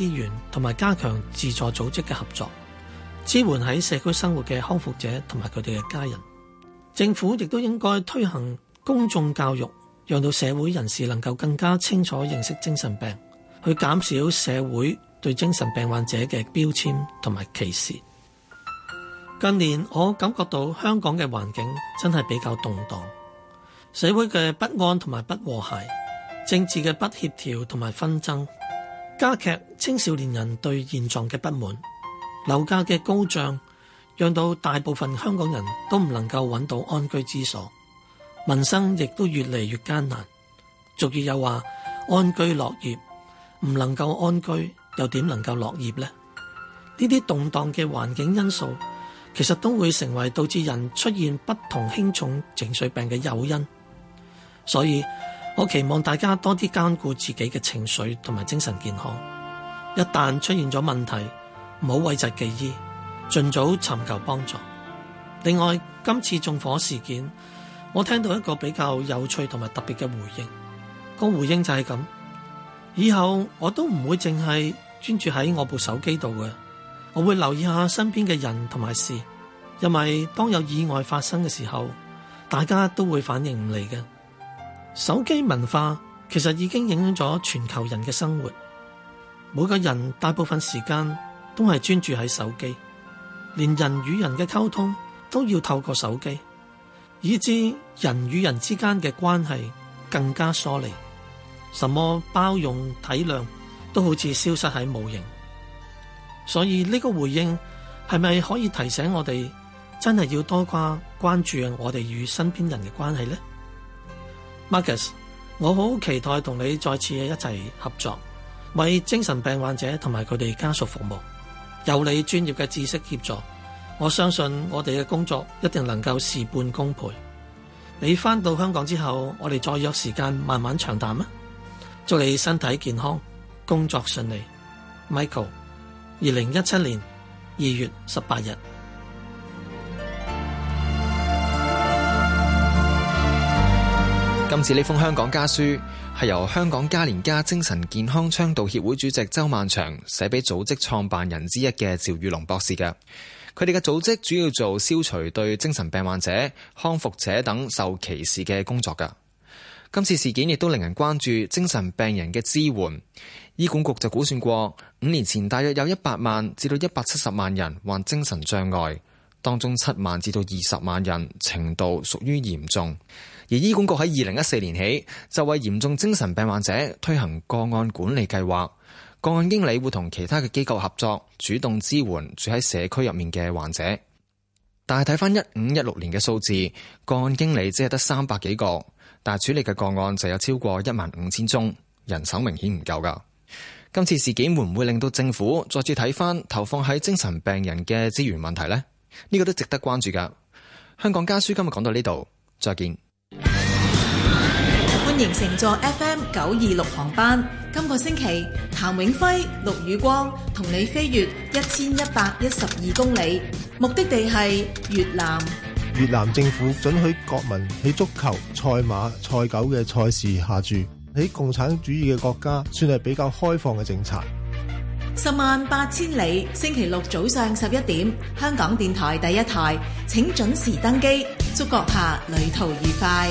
資源同埋加強自助組織嘅合作，支援喺社區生活嘅康復者同埋佢哋嘅家人。政府亦都應該推行公眾教育，讓到社會人士能夠更加清楚認識精神病，去減少社會對精神病患者嘅標籤同埋歧視。近年我感覺到香港嘅環境真係比較動盪，社會嘅不安同埋不和諧，政治嘅不協調同埋紛爭。加劇青少年人對現狀嘅不滿，樓價嘅高漲，讓到大部分香港人都唔能夠揾到安居之所，民生亦都越嚟越艱難。俗語又話安居樂業，唔能夠安居又點能夠樂業呢？呢啲動盪嘅環境因素，其實都會成為導致人出現不同輕重情緒病嘅誘因，所以。我期望大家多啲兼顧自己嘅情緒同埋精神健康，一旦出現咗問題，唔好諱疾忌醫，盡早尋求幫助。另外，今次縱火事件，我聽到一個比較有趣同埋特別嘅回應，個回應就係咁：以後我都唔會淨係專注喺我部手機度嘅，我會留意下身邊嘅人同埋事，因為當有意外發生嘅時候，大家都會反應唔嚟嘅。手機文化其實已經影響咗全球人嘅生活，每個人大部分時間都係專注喺手機，連人與人嘅溝通都要透過手機，以致人與人之間嘅關係更加疏離，什麼包容體諒都好似消失喺無形。所以呢個回應係咪可以提醒我哋，真係要多加關注我哋與身邊人嘅關係呢？Marcus，我好期待同你再次一齊合作，為精神病患者同埋佢哋家屬服務。有你專業嘅知識協助，我相信我哋嘅工作一定能夠事半功倍。你翻到香港之後，我哋再約時間慢慢長談啦。祝你身體健康，工作順利。Michael，二零一七年二月十八日。今次呢封香港家書係由香港家連家精神健康倡導協會主席周萬祥寫俾組織創辦人之一嘅趙宇龍博士嘅。佢哋嘅組織主要做消除對精神病患者、康復者等受歧視嘅工作嘅。今次事件亦都令人關注精神病人嘅支援。醫管局就估算過，五年前大約有一百萬至到一百七十萬人患精神障礙，當中七萬至到二十萬人程度屬於嚴重。而醫管局喺二零一四年起就為嚴重精神病患者推行個案管理計劃，個案經理會同其他嘅機構合作，主動支援住喺社區入面嘅患者。但係睇翻一五一六年嘅數字，個案經理只係得三百幾個，但係處理嘅個案就有超過一萬五千宗，人手明顯唔夠噶。今次事件會唔會令到政府再次睇翻投放喺精神病人嘅資源問題呢？呢個都值得關注噶。香港家書今日講到呢度，再見。歡迎乘坐 FM 九二六航班。今個星期，譚永輝、陸宇光同你飛越一千一百一十二公里，目的地係越南。越南政府准許國民喺足球、賽馬、賽狗嘅賽事下注，喺共產主義嘅國家算係比較開放嘅政策。十萬八千里，星期六早上十一點，香港電台第一台，請準時登機，祝閣下旅途愉快。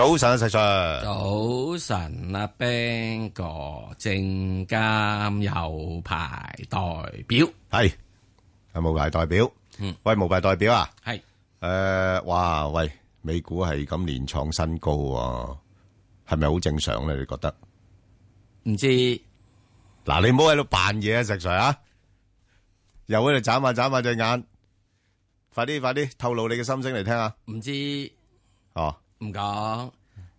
早晨啊，石 Sir！早晨啊，Ben 哥，證監有牌代表係，係冇牌代表。代表嗯，喂，冇牌代表啊，係誒是、呃，哇，喂，美股係咁連創新高，啊，係咪好正常咧，啊？你覺得？唔知。嗱，你唔好喺度扮嘢啊，石 Sir 啊，又喺度眨下眨下對眼，快啲快啲透露你嘅心聲嚟聽下。唔知。唔講，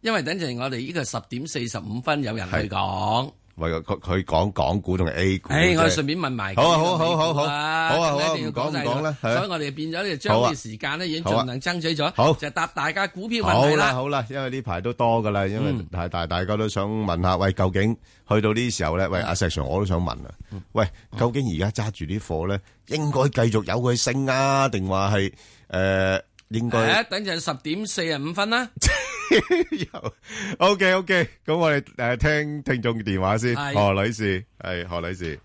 因為等陣我哋呢個十點四十五分有人去講，喂，佢佢講港股同埋 A 股。誒，我哋順便問埋。好啊，好啊，好啊，好啊，好啊，一定要講晒佢。所以我哋變咗咧，將啲時間咧已經盡量爭取咗，就答大家股票問題啦。好啦，好啦，因為呢排都多噶啦，因為大大大家都想問下，喂，究竟去到呢時候咧？喂，阿石 Sir，我都想問啊，喂，究竟而家揸住啲貨咧，應該繼續有佢升啊，定話係誒？應該，等陣十點四十五分啦。O K O K，咁我哋誒聽聽眾嘅電話先是。何女士，係何女士。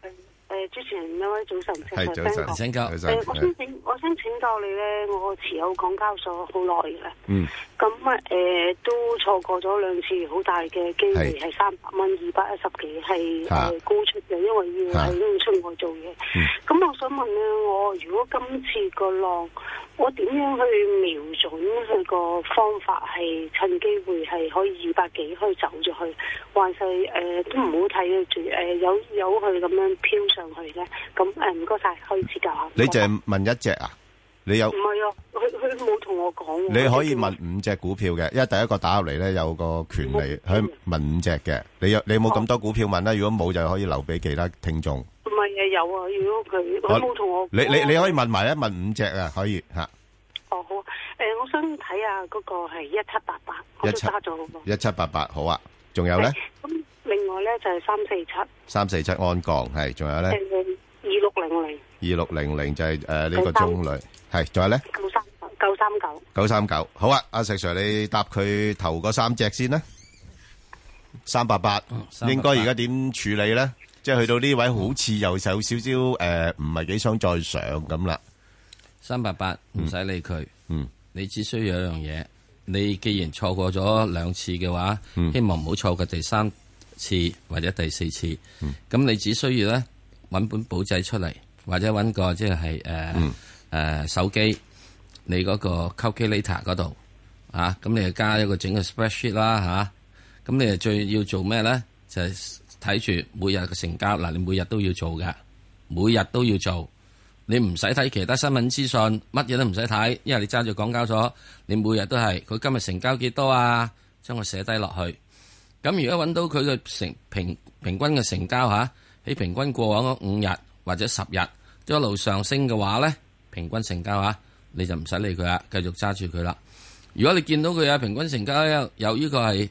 誒，之前，有位早晨，係早晨，請教。誒是，我想請，我想請教你咧，我持有港交所好耐喇。嗯。咁啊，誒、呃，都錯過咗兩次好大嘅機會，係是三百蚊，二百一十幾，係誒、啊呃、高出嘅，因為要喺出外做嘢。咁、啊嗯、我想問咧，我如果今次個浪，我點樣去瞄準佢個方法，係趁機會係可以二百幾可以走咗去，還是誒、呃、都唔好睇住，誒、呃、有有去咁樣飄上去咧？咁誒唔該晒，可以請教下。你淨嗎問一隻啊？你有？唔係啊，佢佢冇同我講喎。你可以問五隻股票嘅，因為第一個打入嚟咧，有個權利，佢問五隻嘅。你有你有冇咁多股票問咧？如果冇就可以留俾其他聽眾。唔係啊，有啊。如果佢佢冇同我講，你你你可以問埋一問五隻啊，可以吓。哦好啊，誒，我想睇下嗰個係一七八八，我都加咗。一七八八好啊，仲有咧？咁另外咧就係三四七。三四七安降係，仲有咧？二六零零，二六零零就係誒呢個中類，係仲有咧？九三九三九九三九，好啊！阿石 Sir，你答佢頭嗰三隻先啦，三八八，應該而家點處理咧？即係去到呢位，好似又有少少誒，唔係幾想再上咁啦。三八八唔使理佢，嗯，你只需要一樣嘢，你既然錯過咗兩次嘅話，嗯，希望唔好錯過第三次或者第四次，嗯，咁你只需要咧。搵本簿仔出嚟，或者搵個即係誒誒手機，你嗰個 calculator 嗰度啊，咁你就加一個整個 spreadsheet 啦，吓，咁你就最要做咩咧？就係睇住每日嘅成交，嗱，你每日都要做嘅，每日都要做，你唔使睇其他新聞資訊，乜嘢都唔使睇，因為你揸住港交所，你每日都係佢今日成交幾多啊，將佢寫低落去。咁如果搵到佢嘅成平平均嘅成交吓。你平均過往五日或者十日都一路上升嘅話咧，平均成交啊，你就唔使理佢啦，繼續揸住佢啦。如果你見到佢啊，平均成交由於佢係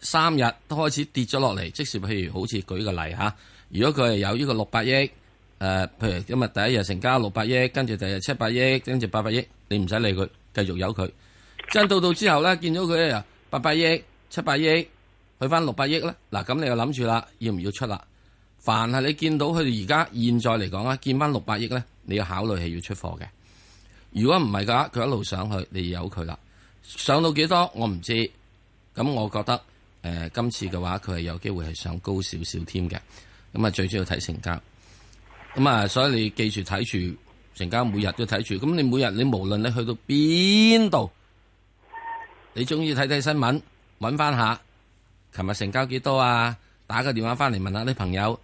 三日都開始跌咗落嚟，即係譬如好似舉個例吓，如果佢係有呢個六百億誒、呃，譬如今日第一日成交六百億，跟住第二日七百億，跟住八百億，你唔使理佢，繼續有佢。真到到之後咧，見到佢啊八百億、七百億，去返六百億咧，嗱咁你就諗住啦，要唔要出啦？凡係你見到佢哋而家現在嚟講啊，見翻六百億咧，你要考慮係要出貨嘅。如果唔係嘅話，佢一路上去，你有佢啦。上到幾多我唔知，咁我覺得誒、呃、今次嘅話，佢係有機會係上高少少添嘅。咁啊，最主要睇成交。咁啊，所以你記住睇住成交每，每日都睇住。咁你每日你無論你去到邊度，你中意睇睇新聞，揾翻下，琴日成交幾多啊？打個電話翻嚟問下啲朋友。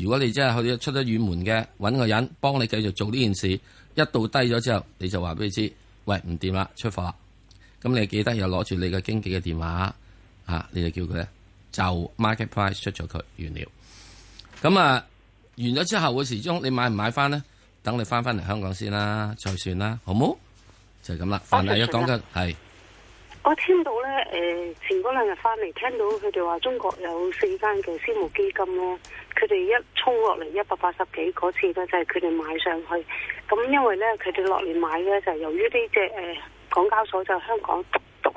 如果你真係去出咗遠門嘅，揾個人幫你繼續做呢件事，一到低咗之後，你就話俾佢知，喂唔掂啦，出貨。咁你記得又攞住你嘅經紀嘅電話，嚇、啊、你就叫佢咧，就 market price 出咗佢完了。咁啊，完咗之後嘅時鐘，你買唔買翻呢？等你翻翻嚟香港先啦，再算啦，好冇？就係、是、咁啦。啊、凡係一講嘅係。我聽到咧，誒、呃，前嗰兩日翻嚟，聽到佢哋話，中國有四間嘅私募基金咯，佢哋一沖落嚟一百八十幾嗰次咧，就係佢哋買上去。咁因為咧，佢哋落嚟買咧就係由於呢隻誒，港交所就香港。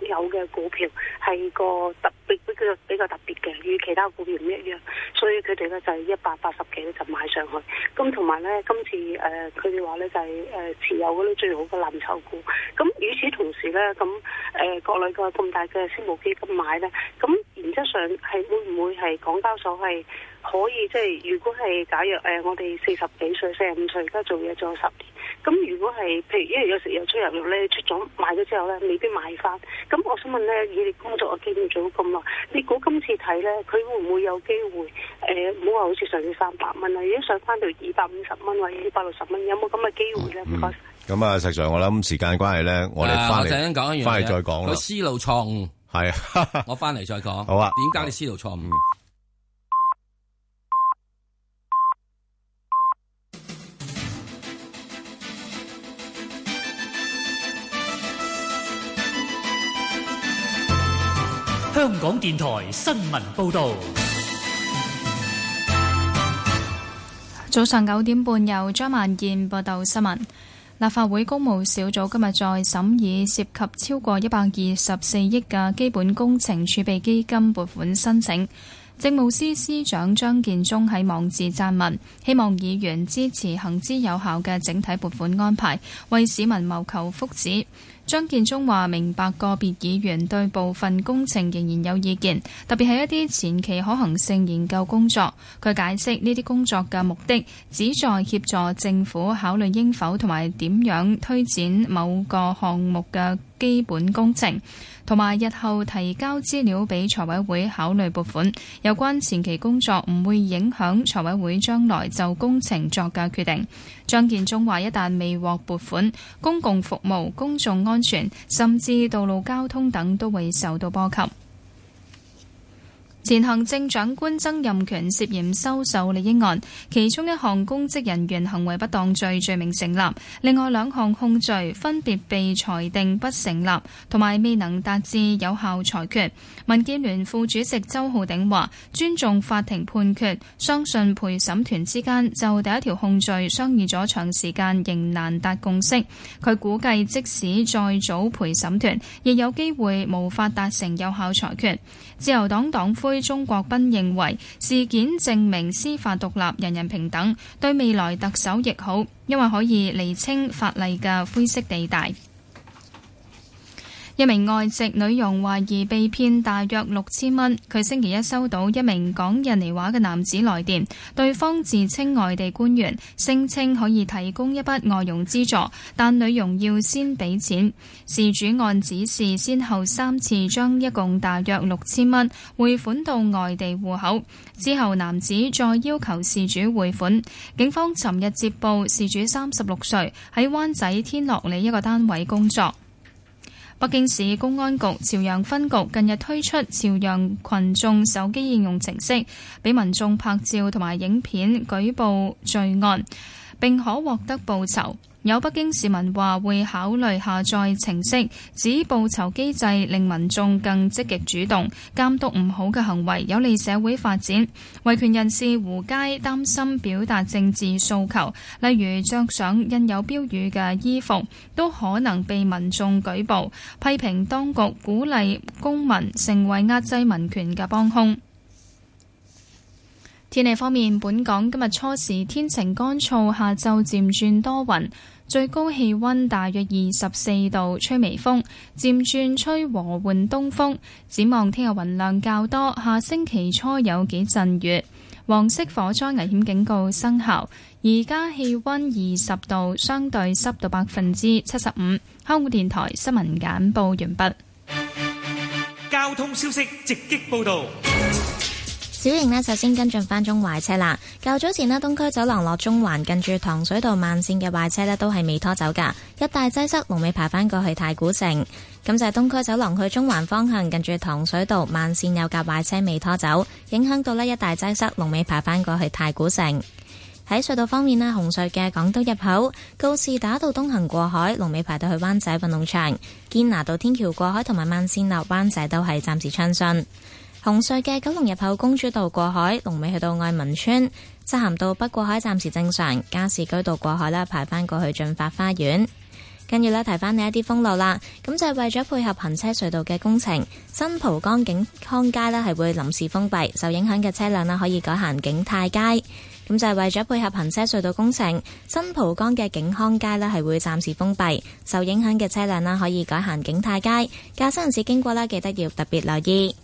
有嘅股票係個特別比較比較特別嘅，與其他股票唔一樣，所以佢哋咧就係一百八十幾咧就買上去。咁同埋咧，今次誒佢哋話咧就係誒持有嗰啲最好嘅藍籌股。咁與此同時咧，咁誒、呃、國內個咁大嘅私募基金買咧，咁原則上係會唔會係港交所係？可以即係，如果係假若誒、呃，我哋四十幾歲、四十五歲而家做嘢做咗十年，咁如果係譬如，因為有時又出入肉咧，出咗賣咗之後咧，未必買翻。咁我想問咧，以你工作嘅經驗做咁耐，你估今次睇咧，佢會唔會有機會誒？唔好話好似上次三百蚊啊，已經上翻到二百五十蚊或者二百六十蚊，有冇咁嘅機會咧？唔該。咁啊，實上我諗時間關係咧，我哋翻嚟翻嚟再講。佢思路錯誤係啊，我翻嚟再，再講。好啊，點解你思路錯誤？嗯香港電台新聞報道，早上九點半由張曼燕報道新聞。立法會公務小組今日再審議涉及超過一百二十四億嘅基本工程儲備基金撥款申請。政務司司長張建宗喺網誌撰文，希望議員支持行之有效嘅整體撥款安排，為市民謀求福祉。張建宗話：明白個別議員對部分工程仍然有意見，特別係一啲前期可行性研究工作。佢解釋呢啲工作嘅目的，旨在協助政府考慮應否同埋點樣推展某個項目嘅。基本工程同埋日後提交資料俾財委會考慮撥款，有關前期工作唔會影響財委會將來就工程作嘅決定。張建宗話：一旦未獲撥款，公共服務、公眾安全甚至道路交通等都會受到波及。前行政長官曾蔭權涉嫌收受利益案，其中一項公職人員行為不當罪罪名成立，另外兩項控罪分別被裁定不成立，同埋未能達至有效裁決。民建聯副主席周浩鼎話：尊重法庭判決，相信陪審團之間就第一條控罪商議咗長時間，仍難達共識。佢估計，即使再組陪審團，亦有機會無法達成有效裁決。自由黨黨魁鍾國斌認為，事件證明司法獨立、人人平等，對未來特首亦好，因為可以釐清法例嘅灰色地帶。一名外籍女傭懷疑被騙大約六千蚊。佢星期一收到一名講印尼話嘅男子來電，對方自稱外地官員，聲稱可以提供一筆外傭資助，但女傭要先俾錢。事主按指示先後三次將一共大約六千蚊匯款到外地戶口，之後男子再要求事主匯款。警方尋日接報，事主三十六歲，喺灣仔天樂里一個單位工作。北京市公安局朝陽分局近日推出朝陽群眾手機應用程式，俾民眾拍照同埋影片舉報罪案，並可獲得報酬。有北京市民話會考慮下載程式，指報酬機制令民眾更積極主動監督唔好嘅行為，有利社會發展。維權人士胡佳擔心表達政治訴求，例如着上印有標語嘅衣服，都可能被民眾舉報，批評當局鼓勵公民成為壓制民權嘅幫兇。天氣方面，本港今日初時天晴乾燥，下晝漸轉多雲。最高氣溫大約二十四度，吹微風，漸轉吹和緩東風。展望聽日雲量較多，下星期初有幾陣雨。黃色火災危險警告生效。而家氣溫二十度，相對濕度百分之七十五。香港電台新聞簡報完畢。交通消息直擊報道。小瑩呢，首先跟進返中環車啦。較早前呢，東區走廊落中環，近住糖水道慢線嘅壞車呢，都係未拖走㗎。一大擠塞，龍尾排返過去太古城。咁就係東區走廊去中環方向，近住糖水道慢線有架壞車未拖走，影響到呢一大擠塞，龍尾排返過去太古城。喺隧道方面呢，紅隧嘅港島入口告士打道東行過海，龍尾排到去灣仔運動場。堅拿道天橋過海同埋慢線落灣仔都係暫時暢順。紅隧嘅九龍入口公主道過海，龍尾去到愛民村；西行道北過海暫時正常，加士居道過海啦，排返過去駿發花園。跟住咧，提翻你一啲封路啦。咁就係為咗配合行車隧道嘅工程，新蒲崗景康街呢係會臨時封閉，受影響嘅車輛呢可以改行景泰街。咁就係為咗配合行車隧道工程，新蒲崗嘅景康街呢係會暫時封閉，受影響嘅車輛呢可以改行景泰街。駕駛人士經過啦，記得要特別留意。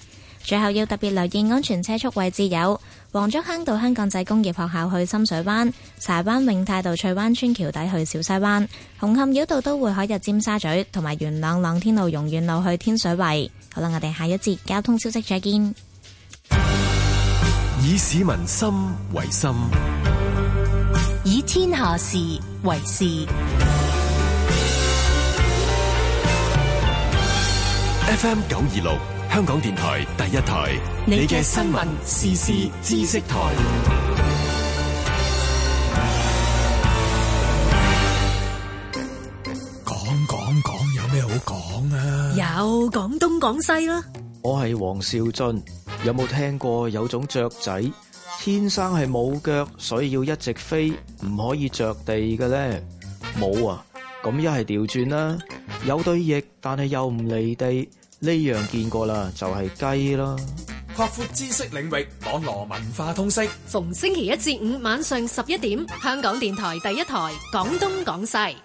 最後要特別留意安全車速位置有黃竹坑道香港仔工業學校去深水灣、柴灣永泰道翠灣村橋底去小西灣、紅磡繞道都會海入尖沙咀，同埋元朗朗天路榕苑路去天水圍。好啦，我哋下一節交通消息再見。以市民心為心，以天下事為事。FM 九二六。香港電台第一台，你嘅新聞時事知識台，講講講有咩好講啊？有講東講西啦。我係黃少俊，有冇聽過有種雀仔天生係冇腳，所以要一直飛，唔可以着地嘅咧？冇啊！咁一係調轉啦，有對翼，但係又唔離地。呢樣見過啦，就係雞啦。擴闊知識領域，網羅文化通識。逢星期一至五晚上十一點，香港電台第一台，講東講西。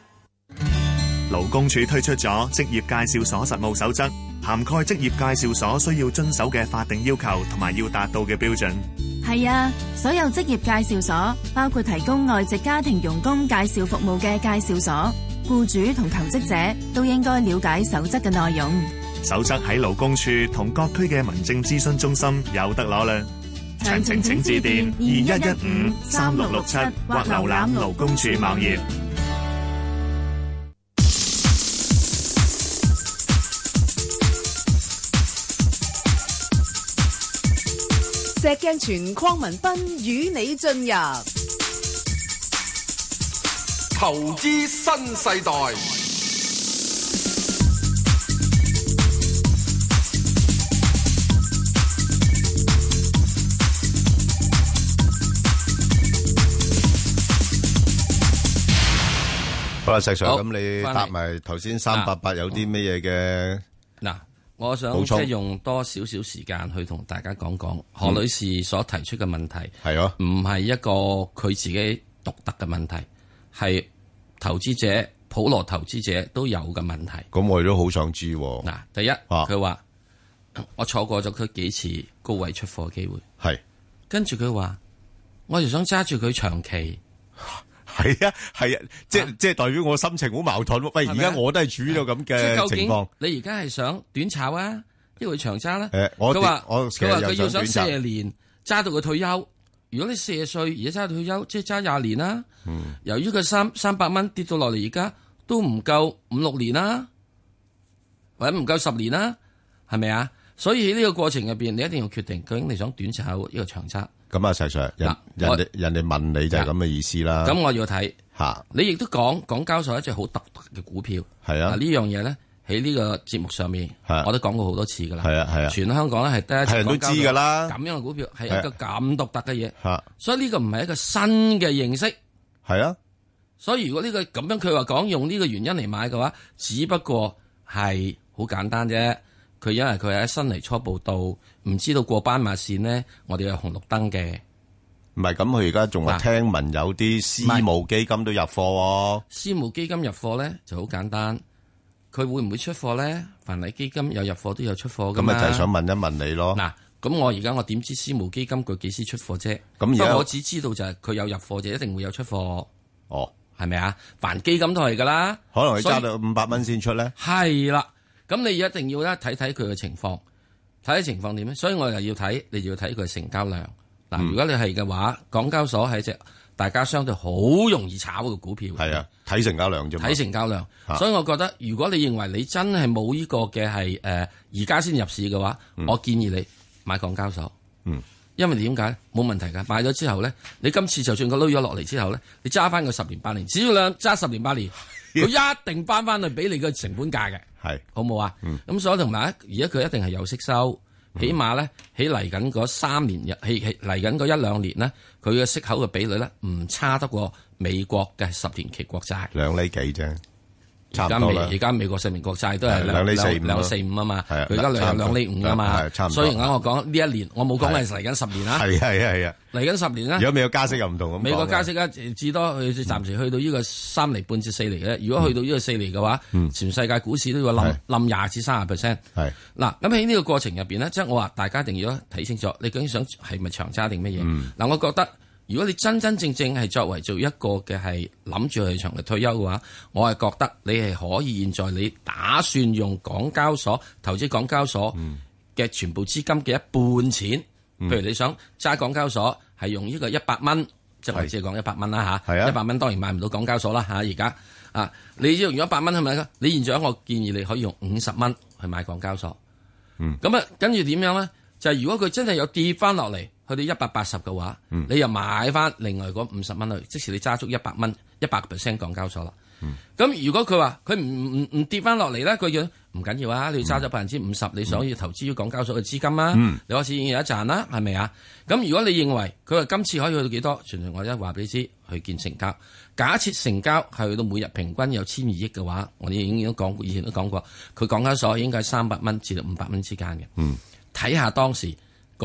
勞工處推出咗職業介紹所實務守則，涵蓋職業介紹所需要遵守嘅法定要求，同埋要達到嘅標準。係啊，所有職業介紹所，包括提供外籍家庭傭工介紹服務嘅介紹所，僱主同求職者都應該了解守則嘅內容。手冊喺勞工處同各區嘅民政諮詢中心有得攞啦，詳情請致電二一一五三六六七或瀏覽勞工處網頁。石鏡泉，鄺民彬與你進入投資新世代。好，好，咁你答埋頭先三八八有啲咩嘢嘅？嗱、啊，我想即係用多少少時間去同大家講講何女士所提出嘅問、嗯、問題。係啊，唔係一個佢自己獨特嘅問題，係投資者普羅投資者都有嘅問題。咁我都好想知、啊。嗱、啊，第一佢話我錯過咗佢幾次高位出貨機會。係，跟住佢話我就想揸住佢長期。係啊，係啊，即係即係代表我心情好矛盾。喂，而家我都係處呢個咁嘅情況。究竟你而家係想短炒啊，亦或長揸咧，啊？佢話佢話佢要想四十年揸到佢退休。如果你四十歲而家揸到退休，即係揸廿年啦，啊。嗯，由於佢三三百蚊跌到落嚟，而家都唔夠五六年啦，啊，或者唔夠十年啦，啊，係咪啊？所以喺呢個過程入邊，你一定要決定究竟你想短炒呢個長揸。咁啊！石 Sir 人人哋人哋問你就係咁嘅意思啦。咁我要睇嚇，你亦都講港交所係一隻好獨特嘅股票。係啊，呢樣嘢咧喺呢個節目上面，我都講過好多次噶啦。係啊係啊，全香港咧係第一次。係人都知噶啦。咁樣嘅股票係一個咁獨特嘅嘢。嚇，所以呢個唔係一個新嘅認識。係啊，所以如果呢個咁樣佢話講用呢個原因嚟買嘅話，只不過係好簡單啫。佢因為佢喺新嚟初步到，唔知道過斑馬線呢，我哋有紅綠燈嘅。唔係、啊，咁佢而家仲話聽聞有啲私募基金都入貨喎、啊啊。私募基金入貨咧就好簡單，佢會唔會出貨咧？凡係基金有入貨都有出貨㗎嘛、啊。咁咪就係想問一問你咯。嗱，咁我而家我點知私募基金佢幾時出貨啫？咁、啊，而家我只知道就係佢有入貨就一定會有出貨。哦，係咪啊？凡基金都係㗎、啊、啦。可能佢揸到五百蚊先出咧。係啦。咁你一定要咧睇睇佢嘅情況，睇睇情況點咧，所以我又要睇，你又要睇佢嘅成交量。嗱，嗯，如果你係嘅話，港交所係一隻大家相對好容易炒嘅股票。係啊，睇成交量啫，睇成交量，啊，所以我覺得如果你認為你真係冇呢個嘅係誒，而家先入市嘅話，嗯，我建議你買港交所。嗯，因為點解冇問題噶？買咗之後咧，你今次就算佢撈咗落嚟，之後咧，你揸翻個十年八年，只要兩揸十年八年。佢 一定返返去俾你嘅成本價嘅，係是好冇啊。咁、嗯、所以同埋，而家佢一定係有息收，嗯、起碼咧喺嚟緊嗰三年入，喺喺嚟緊嗰一兩年咧，佢嘅息口嘅比率咧唔差得過美國嘅十年期國債兩厘幾啫。而家美國十年國債都係兩兩釐四兩四五啊嘛，佢而家兩兩釐五啊嘛，所以我講呢一年，我冇講係嚟緊十年啦。係啊係啊係啊嚟緊十年啦。如果未有加息又唔同。美國加息咧，至多佢暫時去到呢個三厘半至四厘嘅。如果去到呢個四厘嘅話，全世界股市都要冧冧廿至三十 percent。係嗱，咁喺呢個過程入邊呢，即係我話大家一定要睇清楚，你究竟想係咪長揸定乜嘢？嗱，我覺得。如果你真真正正係作為做一個嘅係諗住去長期退休嘅話，我係覺得你係可以現在你打算用港交所投資港交所嘅全部資金嘅一半錢，嗯、譬如你想揸港交所係用呢個一百蚊，即係即係講一百蚊啦吓，一百蚊當然買唔到港交所啦吓，而家啊，你要用一百蚊係咪？你現在我建議你可以用五十蚊去買港交所，咁啊跟住點樣呢？就係、是、如果佢真係有跌翻落嚟，去到一百八十嘅話，嗯、你又買翻另外嗰五十蚊去，即時你揸足一百蚊，一百 percent 港交所啦。咁、嗯、如果佢話佢唔唔唔跌翻落嚟咧，佢叫唔緊要啊，你揸咗百分之五十，嗯、你想要投資於港交所嘅資金啊，嗯、你開始有一賺啦，係咪啊？咁如果你認為佢話今次可以去到幾多，隨隨我一話俾你知，去見成交。假設成交去到每日平均有千二億嘅話，我哋已經都講過，以前都講過，佢港交所應該係三百蚊至到五百蚊之間嘅。睇下、嗯、當時。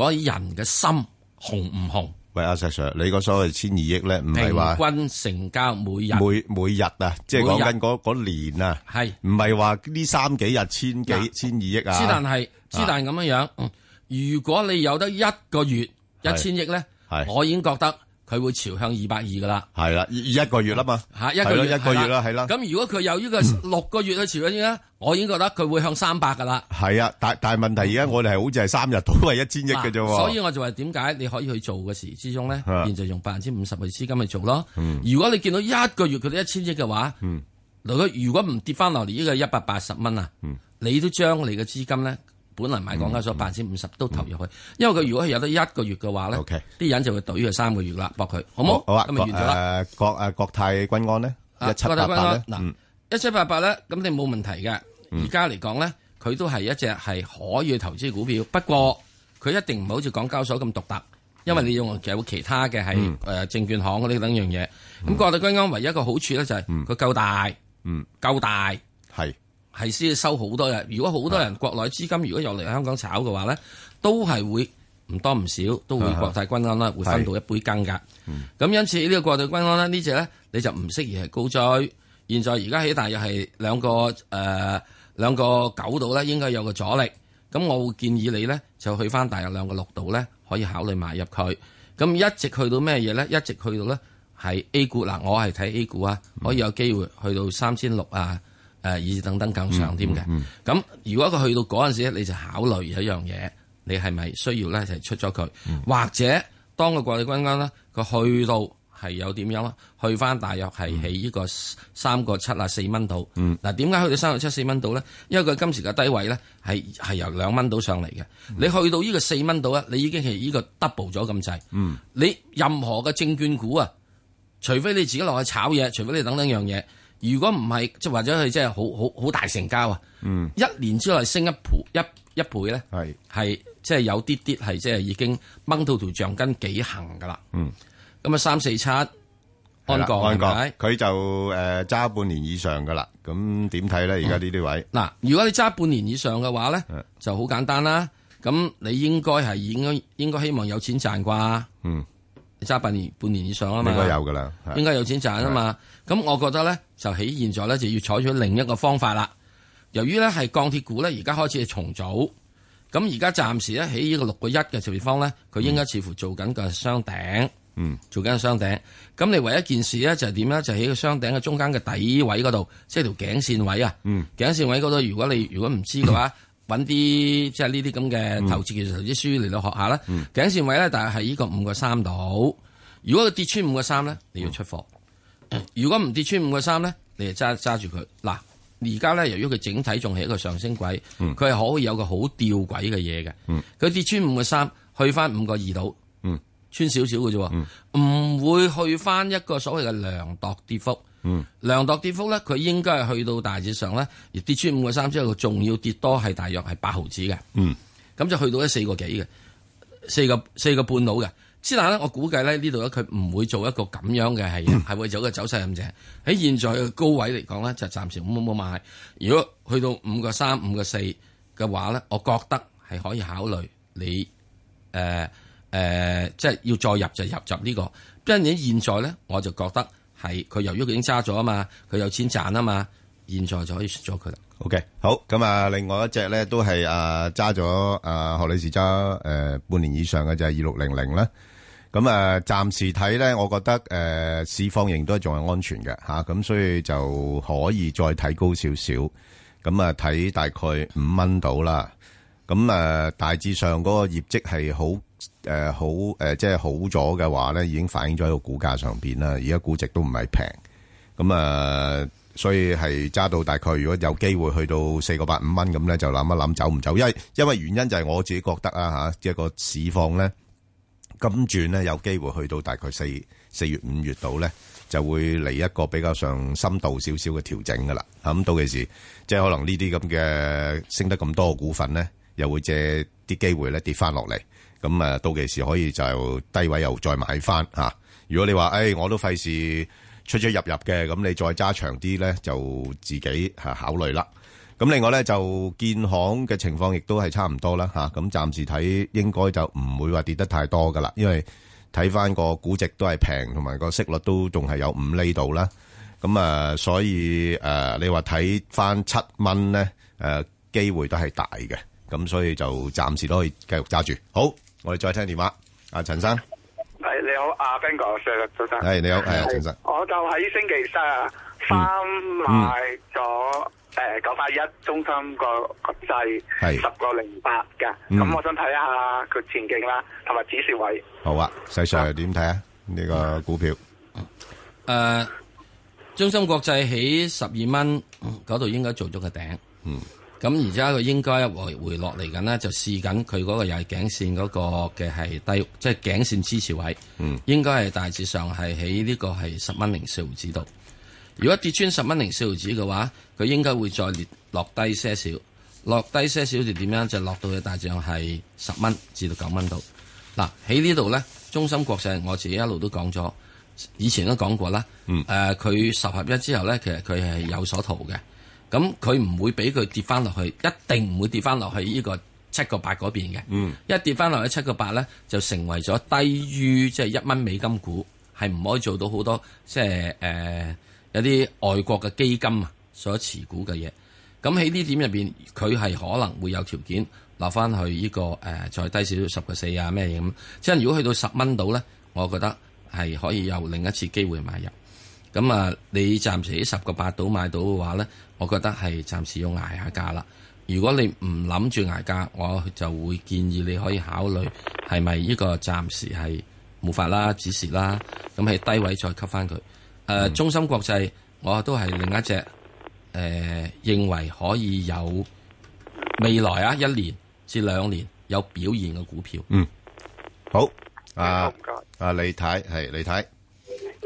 嗰人嘅心紅唔紅？喂，阿 Sir，Sir 你個所謂千二億咧，唔係話平均成交每日每每日啊，即係講緊嗰年啊，係唔係話呢三幾日千幾，啊、千二億啊？之但係之但係咁樣樣，啊、如果你有得一個月一千億咧，係我已經覺得。佢會朝向二百二噶啦，係啦，一個月啦嘛，吓一個一個月啦，係啦。咁、嗯、如果佢有呢個六個月去朝向點咧，我已經覺得佢會向三百噶啦。係啊，但但係問題而家我哋係好似係三日都係一千億嘅啫。所以我就話點解你可以去做嘅時之中咧，現在的用百分之五十嘅資金去做咯。嗯、如果你見到一個月佢哋一千億嘅話，嗯、如果唔跌翻落嚟呢個一百八十蚊啊，嗯、你都將你嘅資金咧。本來買港交所百分之五十都投入去，因為佢如果係有得一個月嘅話咧，ok，啲人就會懟佢三個月啦，搏佢，好冇？好啊，咁咪完咗啦。誒，國誒國泰君安咧，國泰君安咧，一七八八咧，咁你冇問題嘅。而家嚟講咧，佢都係一隻係可以投資股票，不過佢一定唔好似港交所咁獨特，因為你用其其他嘅係誒證券行嗰啲等樣嘢。咁國泰君安唯一一個好處咧就係佢夠大，嗯，夠大，係。係先收好多人，如果好多人國內資金如果又嚟香港炒嘅話咧，都係會唔多唔少，都會國泰君安啦，會分到一杯羹噶。咁的因此呢個國泰君安咧，這個，呢隻咧你就唔適宜係高追。現在而家起大約係兩個誒，兩、呃、個九度咧，應該有個阻力。咁我會建議你咧，就去翻大約兩個六度咧，可以考慮買入佢。咁一直去到咩嘢咧？一直去到咧係 A 股嗱，呃，我係睇 A 股啊，可以有機會去到三千六啊。誒，以至等等更上添嘅。咁、嗯嗯、如果佢去到嗰陣時咧，你就考慮一樣嘢，你係咪需要咧就係、出咗佢？嗯、或者當個國企軍軍咧，佢去到係有點樣咯？去翻大約係起呢個三個七啊四蚊度。嗱，點解去到三個七四蚊度呢？因為佢今時嘅低位呢，係係由兩蚊度上嚟嘅。嗯、你去到呢個四蚊度咧，你已經係呢個 double 咗咁滯。嗯、你任何嘅證券股啊，除非你自己落去炒嘢，除非你等等一樣嘢。如果唔係，即係或者佢即係好好好大成交啊！嗯，一年之內升一倍，一一倍咧，係係即係有啲啲係即係已經掹到條橡筋幾行噶啦。嗯，咁啊三四七的安國，安國佢就誒揸、呃、半年以上噶啦。咁點睇咧？而家呢啲位嗱、嗯，如果你揸半年以上嘅話咧，的就好簡單啦。咁你應該係應該應該希望有錢賺啩？嗯。揸八年半年以上啊嘛，應該有噶啦，應該有錢賺啊嘛。咁我覺得咧，就起現在咧，就要採取另一個方法啦。由於咧係鋼鐵股咧，而家開始係重組，咁而家暫時咧喺呢個六個一嘅地方咧，佢應該似乎做緊個雙頂，嗯，做緊個雙頂。咁你唯一件事咧就係點咧，就喺個雙頂嘅中間嘅底位嗰度，即係條頸線位啊，嗯，頸線位嗰度，如果你如果唔知嘅話。 揾啲即係呢啲咁嘅投資技術、嗯、投資書嚟到學下啦。頸、嗯、線位咧，大約係呢個五個三度。如果佢跌穿五個三咧，你要出貨；嗯、如果唔跌穿五個三咧，你就揸揸住佢。嗱，而家咧由於佢整體仲係一個上升軌，佢係可以有個好吊軌嘅嘢嘅。佢、嗯、跌穿五個三，去翻五個二度，穿少少嘅啫，唔、嗯嗯、會去翻一個所謂嘅量度跌幅。嗯，量度跌幅咧，佢應該係去到大致上咧，而跌穿五個三之後，佢仲要跌多係大約係八毫子嘅。嗯，咁就去到一四個幾嘅，四個四個半佬嘅。之但咧，我估計咧呢度咧，佢唔會做一個咁樣嘅係，係 會有一個走勢咁嘅。喺現在嘅高位嚟講咧，就暫時冇冇買。如果去到五個三、五個四嘅話咧，我覺得係可以考慮你誒誒，即、呃、係、呃就是、要再入就入就入呢、這個。畢竟現在咧，我就覺得。係佢由於佢已經揸咗啊嘛，佢有錢賺啊嘛，嘛，現在就可以出咗佢啦。OK，好咁啊，另外一隻咧都係啊揸咗啊何女士揸誒半年以上嘅就係二六零零啦。咁啊，暫時睇咧，我覺得誒市況型都仲係安全嘅嚇，咁、啊、所以就可以再睇高少少，咁啊睇大概五蚊到啦。咁誒、嗯，大致上嗰個業績係好誒、呃，好誒、呃，即係好咗嘅話咧，已經反映咗喺個股價上邊啦。而家估值都唔係平，咁、嗯、啊、呃，所以係揸到大概，如果有機會去到四個八五蚊咁咧，就諗一諗走唔走。因為因為原因就係我自己覺得啊吓，即係個市況咧，咁轉咧有機會去到大概四四月五月度咧，就會嚟一個比較上深度少少嘅調整噶啦。咁、嗯、到時，即係可能呢啲咁嘅升得咁多嘅股份咧。又會借啲機會咧跌翻落嚟，咁啊，到其時可以就低位又再買翻嚇、啊。如果你話，誒、哎、我都費事出出入入嘅，咁你再揸長啲咧，就自己嚇考慮啦。咁另外咧，就建行嘅情況亦都係差唔多啦嚇。咁、啊、暫時睇應該就唔會話跌得太多噶啦，因為睇翻個估值都係平，同埋個息率都仲係有五厘度啦。咁啊，所以誒、呃、你話睇翻七蚊咧，誒、呃、機會都係大嘅。咁所以就暫時都可以繼續揸住。好，我哋再聽電話。阿陳生，係你好，阿 Ben 哥，石 Sir 早晨。係你好，係陳生。我就喺星期三啊，翻買咗誒、九八一中芯國際係十個零八嘅。咁我想睇下佢前景啦，同埋止蝕位。好啊，石 Sir，點睇啊？呢個股票，誒，中芯國際喺十二蚊嗰度應該做咗個頂。嗯。咁而家佢應該一回回落嚟緊咧，就試緊佢嗰個又係頸線嗰個嘅係低，即係頸線支持位，嗯、應該係大致上係喺呢個係十蚊零四毫紙度。如果跌穿十蚊零四毫紙嘅話，佢應該會再落低些少，落低些少就點樣？就落到嘅大致上係十蚊至到九蚊度。嗱，喺呢度咧，中芯國際我自己一路都講咗，以前都講過啦。誒、嗯，佢、呃、十合一之後咧，其實佢係有所圖嘅。咁佢唔會俾佢跌翻落去，一定唔會跌翻落去呢個七個八嗰邊嘅。嗯、一跌翻落去七個八咧，就成為咗低於即係、就是、一蚊美金股，係唔可以做到好多即係誒、呃、有啲外國嘅基金啊，所持股嘅嘢。咁喺呢點入邊，佢係可能會有條件落翻去呢、這個誒、呃、再低少少十個四啊咩嘢咁。即係如果去到十蚊度咧，我覺得係可以有另一次機會買入。咁啊，你暫時喺十個八度買到嘅話呢，我覺得係暫時要捱下價啦。如果你唔諗住捱價，我就會建議你可以考慮係咪呢個暫時係冇法啦，止蝕啦。咁喺低位再吸翻佢。誒、呃，嗯、中芯國際，我都係另一隻誒、呃，認為可以有未來啊，一年至兩年有表現嘅股票。嗯，好。啊謝謝啊，李太係李太。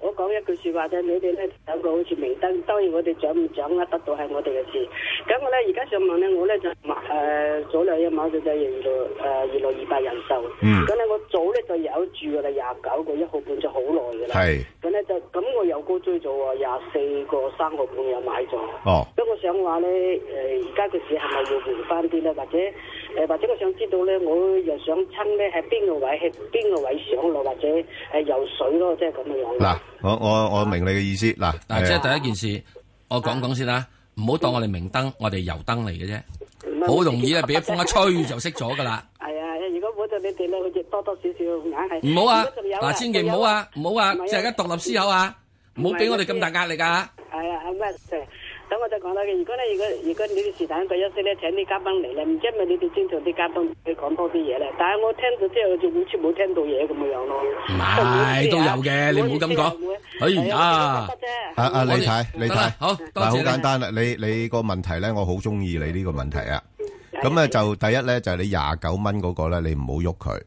我講一句說話啫，你哋咧有個好似明燈，當然我哋掌唔掌握得到係我哋嘅事。咁我咧而家想問咧，我咧就誒、呃、早兩日買咗就二咗誒二六二八人壽。咁咧、嗯、我早咧就有住噶啦，廿九個一號半就好耐噶啦。係是。咁咧就咁我又高追咗啊廿四個三號半又買咗。哦。咁我想話咧誒而家嘅市係咪要回翻啲咧？或者誒、呃、或者我想知道咧我又想趁咧喺邊個位喺邊個，個位上落，或者誒游、呃、水咯，即係咁嘅樣。我我我明你嘅意思嗱，嗱即係第一件事，我講講先啦，唔好當我哋明燈，我哋油燈嚟嘅啫，好容易咧俾風一吹就熄咗噶啦。係啊，如果冇咗你哋兩個只多多少少眼係，嗱千祈唔好啊，唔好啊，即係而家獨立思考啊，唔好俾我哋咁大壓力啊。係啊，咩？等我就講啦，如果咧，如果如果你哋是但佢有事咧，請啲嘉賓嚟咧，唔知咪你哋正常啲嘉賓會講多啲嘢咧。但係我聽到之後就完全冇聽到嘢咁嘅樣咯。唔係都有嘅，你唔好咁講。哎呀，阿阿李太，李太，好，嗱，好簡單啦。你你個問題咧，我好中意你呢個問題啊。咁啊，就第一咧，就你廿九蚊嗰個咧，你唔好喐佢，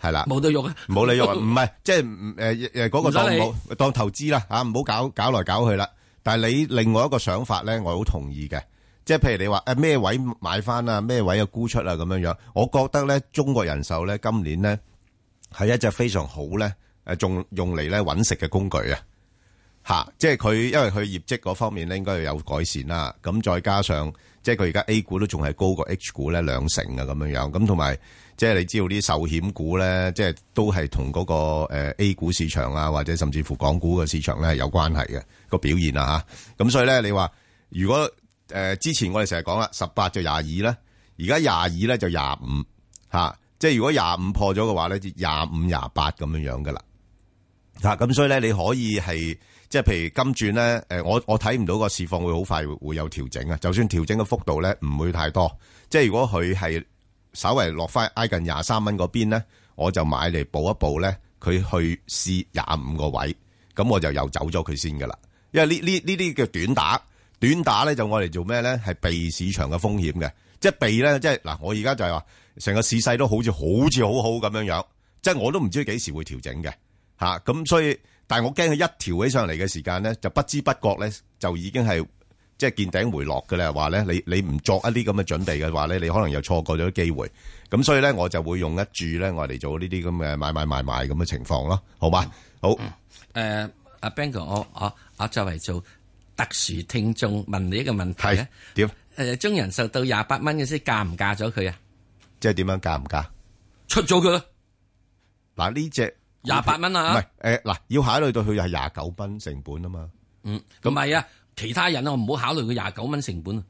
係啦，冇得喐啊，冇你喐，唔係即係唔誒誒嗰個當冇當投資啦，吓唔好搞搞來搞去啦。但係你另外一個想法咧，我好同意嘅，即係譬如你話誒咩位買翻啊，咩位啊沽出啊咁樣樣。我覺得咧中國人壽咧今年咧係一隻非常好咧誒，仲用嚟，咧搵食嘅工具啊，吓，即係佢因為佢業績嗰方面咧應該要有改善啦，咁再加上即係佢而家 A 股都仲係高過 H 股咧兩成啊，咁樣樣，咁同埋。即係你知道啲壽險股咧，即係都係同嗰個誒 A 股市場啊，或者甚至乎港股嘅市場咧，係有關係嘅個表現啊吓。咁所以咧，你話如果誒、呃、之前我哋成日講啦，十八就廿二啦，而家廿二咧就廿五吓。即係如果廿五破咗嘅話咧，就廿五廿八咁樣樣噶啦。吓、啊、咁所以咧，你可以係即係譬如今轉咧，誒、呃、我我睇唔到個市況會好快會，會有調整啊。就算調整嘅幅度咧，唔會太多。即係如果佢係。稍微落翻挨近廿三蚊嗰邊咧，我就買嚟補一補咧。佢去試廿五個位，咁我就又走咗佢先噶啦。因為呢呢呢啲叫短打，短打咧就我嚟做咩咧？係避市場嘅風險嘅，即係避咧，即係嗱。我而家就係話，成個市勢都好似好似好好咁樣樣，即係我都唔知幾時會調整嘅吓。咁、啊、所以，但係我驚佢一調起上嚟嘅時間咧，就不知不覺咧就已經係。即係見頂回落嘅啦，話咧，你你唔作一啲咁嘅準備嘅話咧，你可能又錯過咗啲機會。咁所以咧，我就會用一注咧，我嚟做呢啲咁嘅買買賣賣咁嘅情況咯，好嘛？好。誒、嗯呃，阿 Ben 哥，我我我作為做特殊聽眾，問你一個問題咧，點？誒，中人壽到廿八蚊嘅先嫁唔嫁咗佢啊？即係點樣嫁唔嫁？出咗佢咯。嗱呢隻廿八蚊啊，唔係誒，嗱要考慮到佢又係廿九蚊成本啊嘛。嗯，咁係啊。其他人咧，我唔好考慮佢廿九蚊成本，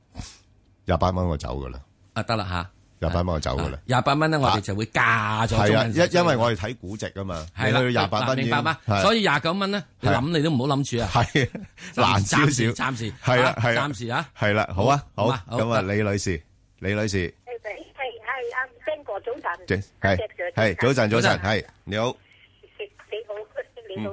廿八蚊我走噶啦。啊，得啦吓，廿八蚊我走噶啦。廿八蚊咧，我哋就會加咗。係啊，因因為我哋睇估值啊嘛。係啦，廿八蚊。所以廿九蚊咧，你諗你都唔好諗住啊。係，難少少。暫時係啦，係暫時啊。係啦，好啊，好。咁啊，李女士，李女士。係係係，阿 Ben 哥，早晨。係早晨早晨，係，你好。你好，你好。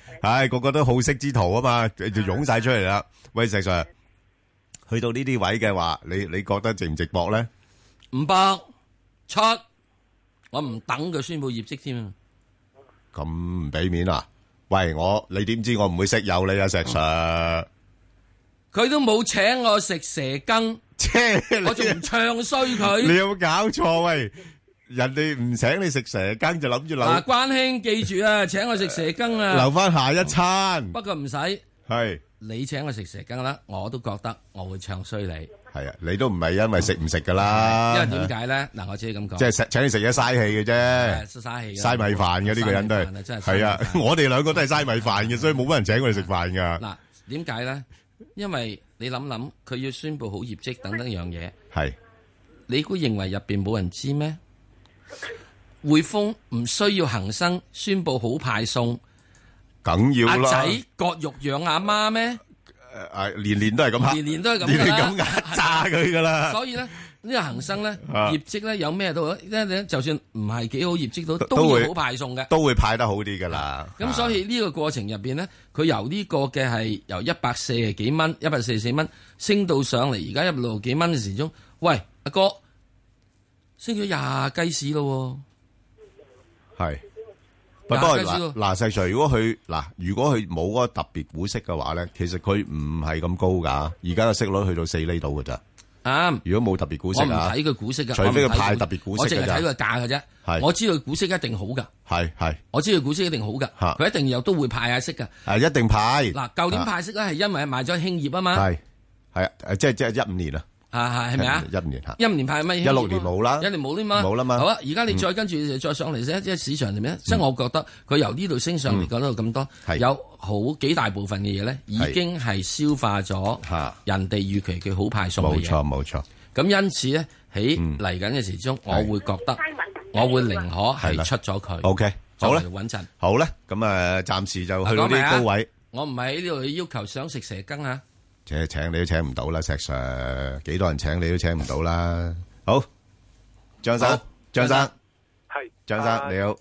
唉、哎，個個都好色之徒啊嘛，就湧晒出嚟啦。喂，石 Sir，去到呢啲位嘅話，你你覺得值唔值博咧？五百七，我唔等佢宣布業績添啊！咁唔俾面啊！喂，我你點知我唔會識有你啊，石 Sir。佢、嗯、都冇請我食蛇羹， 啊、我仲唱衰佢、啊？你有冇搞錯喂？人哋唔請你食蛇羹，就諗住留。嗱，關兄記住啊，請我食蛇羹啊，留翻下一餐。不過唔使係你請我食蛇羹啦，我都覺得我會唱衰你。係啊，你都唔係因為食唔食噶啦，因為點解咧？嗱，我自己咁講，即係請你食嘢嘥氣嘅啫，嘥氣嘅嘥米飯嘅呢個人都係係啊，我哋兩個都係嘥米飯嘅，所以冇乜人請我哋食飯噶。嗱，點解咧？因為你諗諗，佢要宣布好業績等等樣嘢，係你估認為入邊冇人知咩？匯豐唔需要恒生宣布好派送，梗要啦。阿仔割肉養阿媽咩？誒，年年都係咁吓，年年都係咁，年年咁壓榨佢噶啦。所以咧，呢個恒生咧業績咧有咩都，就算唔係幾好業績都，都要好派送嘅，都會派得好啲噶啦。咁所以呢個過程入邊咧，佢由呢個嘅係由一百四十幾蚊，一百四十四蚊升到上嚟，而家一百六十幾蚊嘅時鐘。喂，阿哥。升咗廿幾%咯，係，不過嗱，嗱石 Sir，如果佢嗱，如果佢冇嗰個特別股息嘅話咧，其實佢唔係咁高噶，而家嘅息率去到四厘度嘅咋，啱。如果冇特別股息啊，我唔睇佢股息噶，除非佢派特別股息噶。我淨係睇個價嘅啫，我知道佢股息一定好噶，係係，我知道佢股息一定好噶，佢一定又都會派下息噶，係一定派。嗱，舊年派息咧係因為買咗興業啊嘛，係係啊，即係即係一五年啊。啊，係，係咪啊？一年嚇，一年派咪一六年冇啦，一年冇啲嘛，冇啦嘛。好啊，而家你再跟住再上嚟即係市場點樣？即係我覺得佢由呢度升上嚟講到咁多，有好幾大部分嘅嘢咧，已經係消化咗人哋預期佢好派送。冇錯，冇錯。咁因此咧，喺嚟緊嘅時中，我會覺得，我會寧可係出咗佢。OK，好啦，穩陣。好咧，咁啊，暫時就去到呢個高位。我唔係喺呢度要求想食蛇羹啊！請你都請唔到啦，石 Sir，幾多人請你都請唔到啦。好，張生，張生，係張生，你好，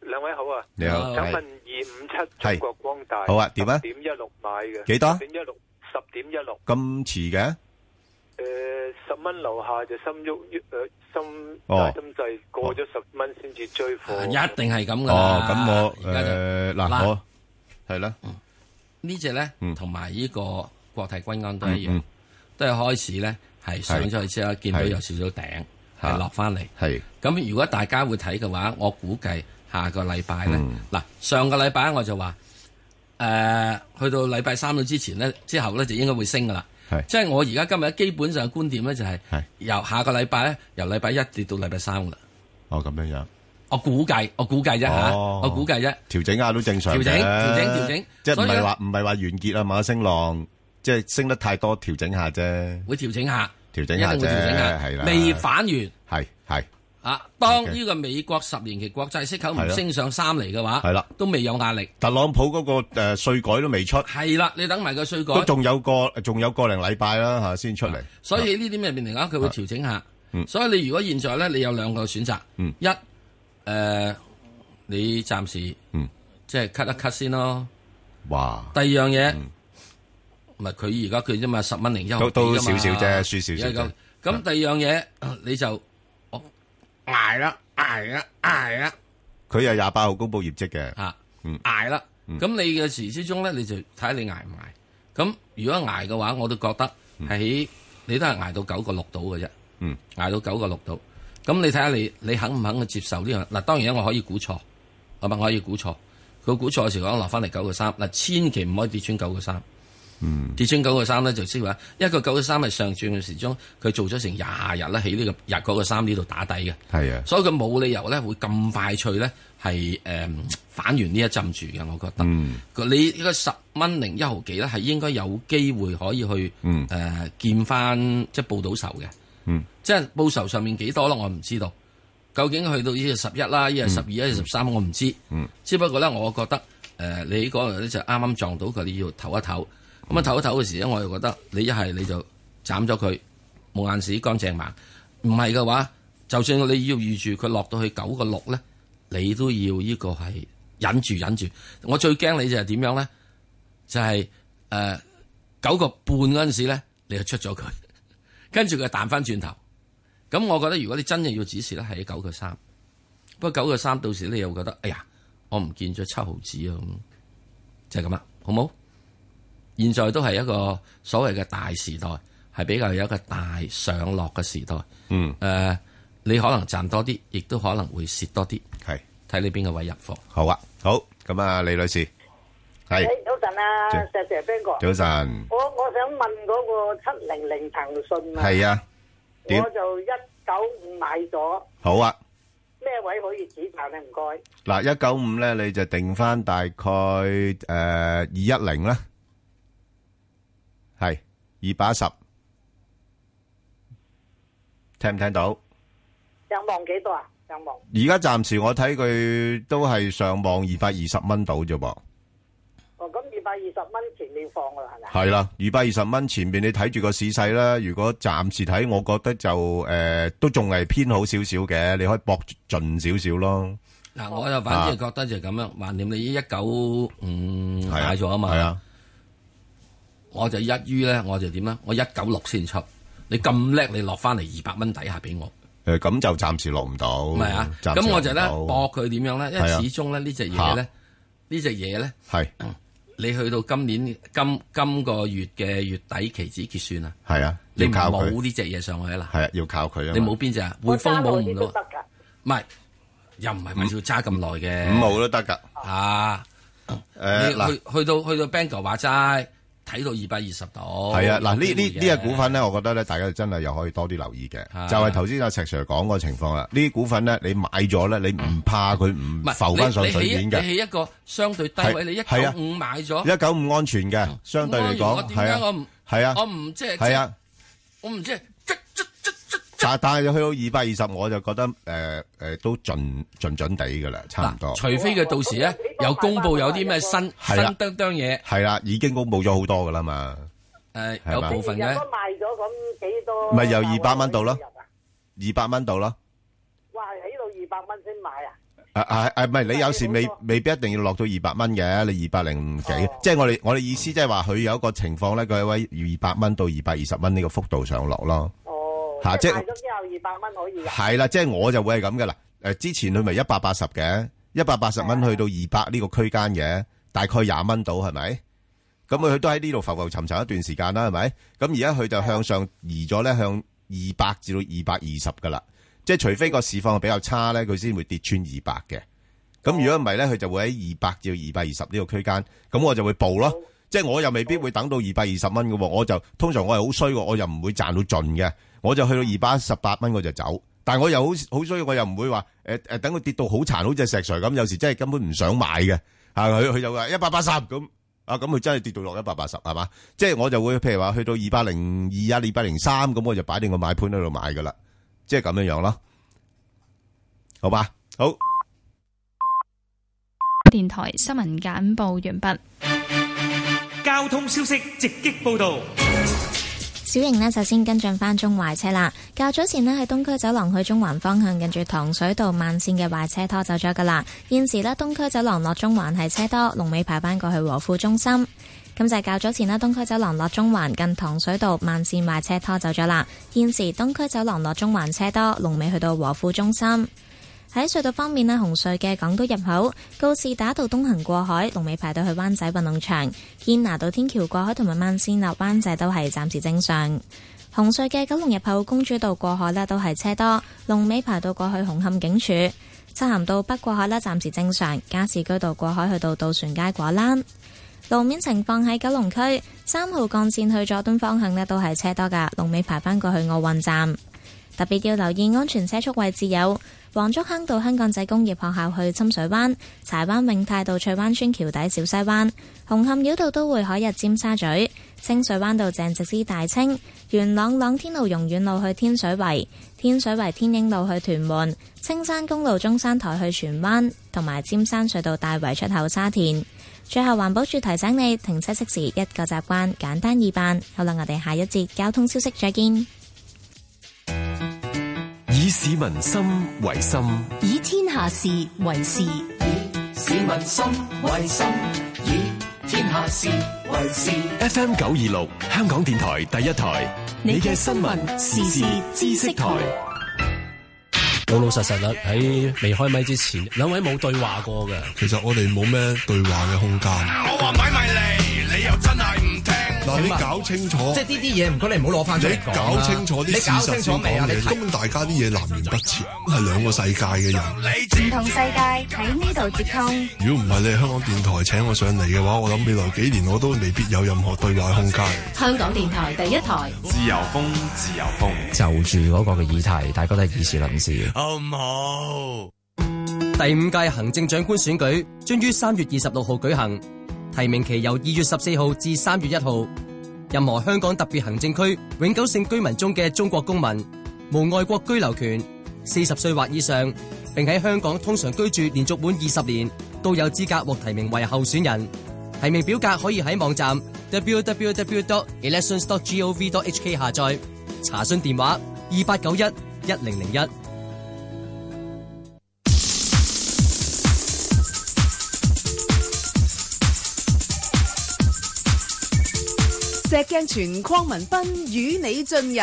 兩位好啊，你好。請問二五七中國光大，好啊，點啊？點一六買嘅，幾多？點一六，十點一六。咁遲嘅，誒，十蚊樓下就心喐喐，誒，心大心細過咗十蚊先至追貨，一定係咁噶。咁我誒，嗱我係啦，呢隻咧，嗯，同埋呢個。國泰君安都係一樣，都係開始咧，係上咗去之後，見到有少少頂，係落翻嚟。係咁，如果大家會睇嘅話，我估計下個禮拜咧，嗱上個禮拜我就話，誒，去到禮拜三之前咧，之後咧就應該會升噶啦。係，即係我而家今日基本上嘅觀點咧，就係，係由下個禮拜咧，由禮拜一跌到禮拜三噶啦。哦，咁樣樣。我估計，我估計啫吓，我估計啫。調整下都正常嘅。調整，調整，調整，即係唔係話唔係話完結啊，冇升浪。即係升得太多，調整下啫。會調整下，調整下啫。係啦，未反完。係係啊，當呢個美國十年期國債息口唔升上三厘嘅話，係啦，都未有壓力。特朗普嗰個誒稅改都未出。係啦，你等埋個稅改。都仲有個仲有個零禮拜啦吓，先出嚟。所以呢啲咩面嚟講。佢會調整下。嗯。所以你如果現在咧，你有兩個選擇。嗯。一，誒，你暫時嗯，即係 cut 一 cut 先咯。哇！第二樣嘢。唔係佢而家佢啫嘛，十蚊零一毫啲都少少啫，輸少少。咁第二樣嘢、嗯、你就我，挨、哦、啦，挨啦，挨啦。佢又廿八號公布業績嘅吓，挨啦。咁你嘅時之中咧，你就睇下你挨唔挨。咁如果挨嘅話，我都覺得喺你都係挨到九個六度嘅啫。嗯捱，挨到九個六度！咁你睇下你你肯唔肯去接受呢樣嗱？當然我可以估錯，係咪，我可以估錯。佢估錯嘅時候，我落翻嚟九個三嗱，千祈唔可以跌穿九個三。嗯、跌穿九個三咧就即係話，一個九個三係上轉嘅時鐘，佢做咗成廿日咧喺呢個日嗰個三呢度、這個那個、打底嘅。係啊的，所以佢冇理由咧會咁快脆咧係誒反完呢一針住嘅，我覺得。嗯、你呢個十蚊零一毫幾咧係應該有機會可以去誒、嗯呃、見翻，即係報到仇嘅。嗯，即係報仇上面幾多咯，我唔知道。究竟去到呢係十一啦，呢係十二，一係十,十三，我唔知。嗯、只不過咧，我覺得誒、呃，你嗰日咧就啱啱撞到佢，你要唞一唞。咁啊，唞一唞嘅時咧，我又覺得你一係你就斬咗佢，冇眼屎乾淨盲。唔係嘅話，就算你要預住佢落到去九個六咧，你都要依個係忍住忍住。我最驚你就係點樣咧？就係誒九個半嗰陣時咧，你就出咗佢，跟住佢彈翻轉頭。咁我覺得，如果你真係要指示咧，係九個三。不過九個三到時你又覺得，哎呀，我唔見咗七毫子啊，咁就係咁啦，好冇？現在都係一個所謂嘅大時代，係比較有一個大上落嘅時代。嗯，誒，你可能賺多啲，亦都可能會蝕多啲，係睇你邊個位入貨。好啊，好咁啊，李女士，係早晨啊，石 Sir、彬哥，早晨。我我想問嗰個七零零騰訊啊，係啊，點我就一九五買咗。好啊，咩位可以指導咧？唔該嗱，一九五咧，你就定返大概誒二一零啦。係二百一十，210, 聽唔聽到？上望幾多啊？上望而家暫時我睇佢都係上望二百二十蚊到啫噃。哦，咁二百二十蚊前面放噶啦係咪？係啦、啊，二百二十蚊前面你睇住個市勢啦。如果暫時睇，我覺得就誒都仲係偏好少少嘅，你可以搏盡少少咯。嗱、啊，我就反而覺得就咁樣，萬點你一九五買咗啊嘛。啊。我就一於咧，我就點啦？我一九六先出，你咁叻，你落翻嚟二百蚊底下俾我。誒，咁就暫時落唔到。唔係啊，咁我就咧博佢點樣咧？因為始終咧呢隻嘢咧，呢隻嘢咧，係你去到今年今今個月嘅月底期指結算啊。係啊，你冇呢隻嘢上去啦。係啊，要靠佢啊。你冇邊隻啊？匯豐冇唔得㗎。唔係，又唔係咪要揸咁耐嘅。五毫都得㗎。嚇！誒去去到去到 Banker 話齋。睇到二百二十度，係啊，嗱呢呢呢個股份咧，我覺得咧，大家真係又可以多啲留意嘅，就係頭先阿石 Sir 講嗰個情況啦。呢啲股份咧，你買咗咧，你唔怕佢唔浮翻上水面嘅？你起一個相對低位，你一九五買咗，一九五安全嘅，相對嚟講，係啊，我唔，係啊，我唔即係，係啊，我唔即係，但但去到二百二十，我就覺得誒誒都盡盡準地嘅啦，差唔多。除非佢到時咧，又公佈有啲咩新新噉噉嘢，係啦，已經公佈咗好多嘅啦嘛。誒，有部分咧，賣咗咁幾多？咪由二百蚊到咯，二百蚊到咯。哇！喺度二百蚊先買啊！啊，唔係你有時未未必一定要落到二百蚊嘅，你二百零幾，即係我哋我哋意思即係話佢有一個情況咧，佢喺二百蚊到二百二十蚊呢個幅度上落咯。吓、啊，即係其中二百蚊可以。係啦是，即係我就會係咁嘅啦。誒，之前佢咪一百八十嘅，一百八十蚊去到二百呢個區間嘅，大概廿蚊度係咪？咁佢都喺呢度浮浮沉沉一段時間啦，係咪？咁而家佢就向上移咗咧，向二百至到二百二十噶啦。即係除非個市況比較差咧，佢先會跌穿二百嘅。咁如果唔係咧，佢就會喺二百至到二百二十呢個區間，咁我就會報咯。哦、即係我又未必會等到二百二十蚊嘅，我就通常我係好衰嘅，我又唔會賺到盡嘅。我就去到二百一十八蚊我就走。但係我又好好，所以我又唔會話誒誒，等佢跌到好殘，好似隻石 sir 咁，有時真係根本唔想買嘅吓，佢佢就話一百八十咁啊，咁、啊、佢真係跌到落一百八十係嘛，即係我就會譬如話去到二百零二啊，二百零三咁我就擺定個買盤喺度買噶啦，即係咁樣樣咯，好吧，好，電台新聞簡報完畢，交通消息直擊報道。小瑩呢，就先跟進返中環車啦。較早前呢，喺東區走廊去中環方向，近住糖水道慢線嘅壞車拖走咗噶啦。現時呢，東區走廊落中環係車多，龍尾排翻過去和富中心。噉就較早前呢，東區走廊落中環，近糖水道慢線壞車拖走咗啦。現時東區走廊落中環車多，龍尾去到和富中心。喺隧道方面呢紅隧嘅港島入口，告士打道東行過海，龍尾排到去灣仔運動場；堅拿道天橋過海同埋慢線落灣仔都係暫時正常。紅隧嘅九龍入口公主道過海呢都係車多，龍尾排到過去紅磡警署。漆咸道北過海呢暫時正常，加士居道過海去到渡船街果欄。路面情況喺九龍區，三號幹線去佐敦方向呢都係車多噶，龍尾排返過去奧運站。特別要留意安全車速位置有。黃竹坑道香港仔工業學校去深水灣，柴灣永泰道翠灣村橋底小西灣，紅磡繞道都會海入尖沙咀，清水灣道鄭直師大清，元朗朗天路榕苑路去天水圍，天水圍天影路去屯門，青山公路中山台去荃灣，同埋尖山隧道大圍出口沙田。最後環保署提醒你停車熄匙一個習慣，簡單易辦。好啦，我哋下一節交通消息再見。以市民心為心，以天下事為事。以市民心為心，以天下事為事。FM 九二六，香港電台第一台，你嘅新聞時事知識台。老老實實啦，喺未開麥之前，兩位冇對話過嘅。其實我哋冇咩對話嘅空間。我話咪咪嚟，你又真係嗱，你搞清楚，即係呢啲嘢，唔該你唔好攞翻你搞清楚啲事實清楚，講你根本話看大家啲嘢南轅北轍，係兩看個世界嘅人，唔同世界喺呢度接通。如果唔係你係香港電台請我上嚟嘅話，我諗未來幾年我都未必有任何對外空間。香港電台第一台，自由風，自由風，就住嗰個嘅議題，大家都係議事論事，好唔、哦、好？第五屆行政長官選舉將於三月二十六號舉行。提名期由二月十四號至三月一號。任何香港特別行政區永久性居民中嘅中國公民，無外國居留權，四十歲或以上，並喺香港通常居住連續滿二十年，都有資格獲提名為候選人。提名表格可以喺網站 www.elections.gov.hk o 下載。查詢電話二八九一一零零一。石鏡泉鄺民彬與你進入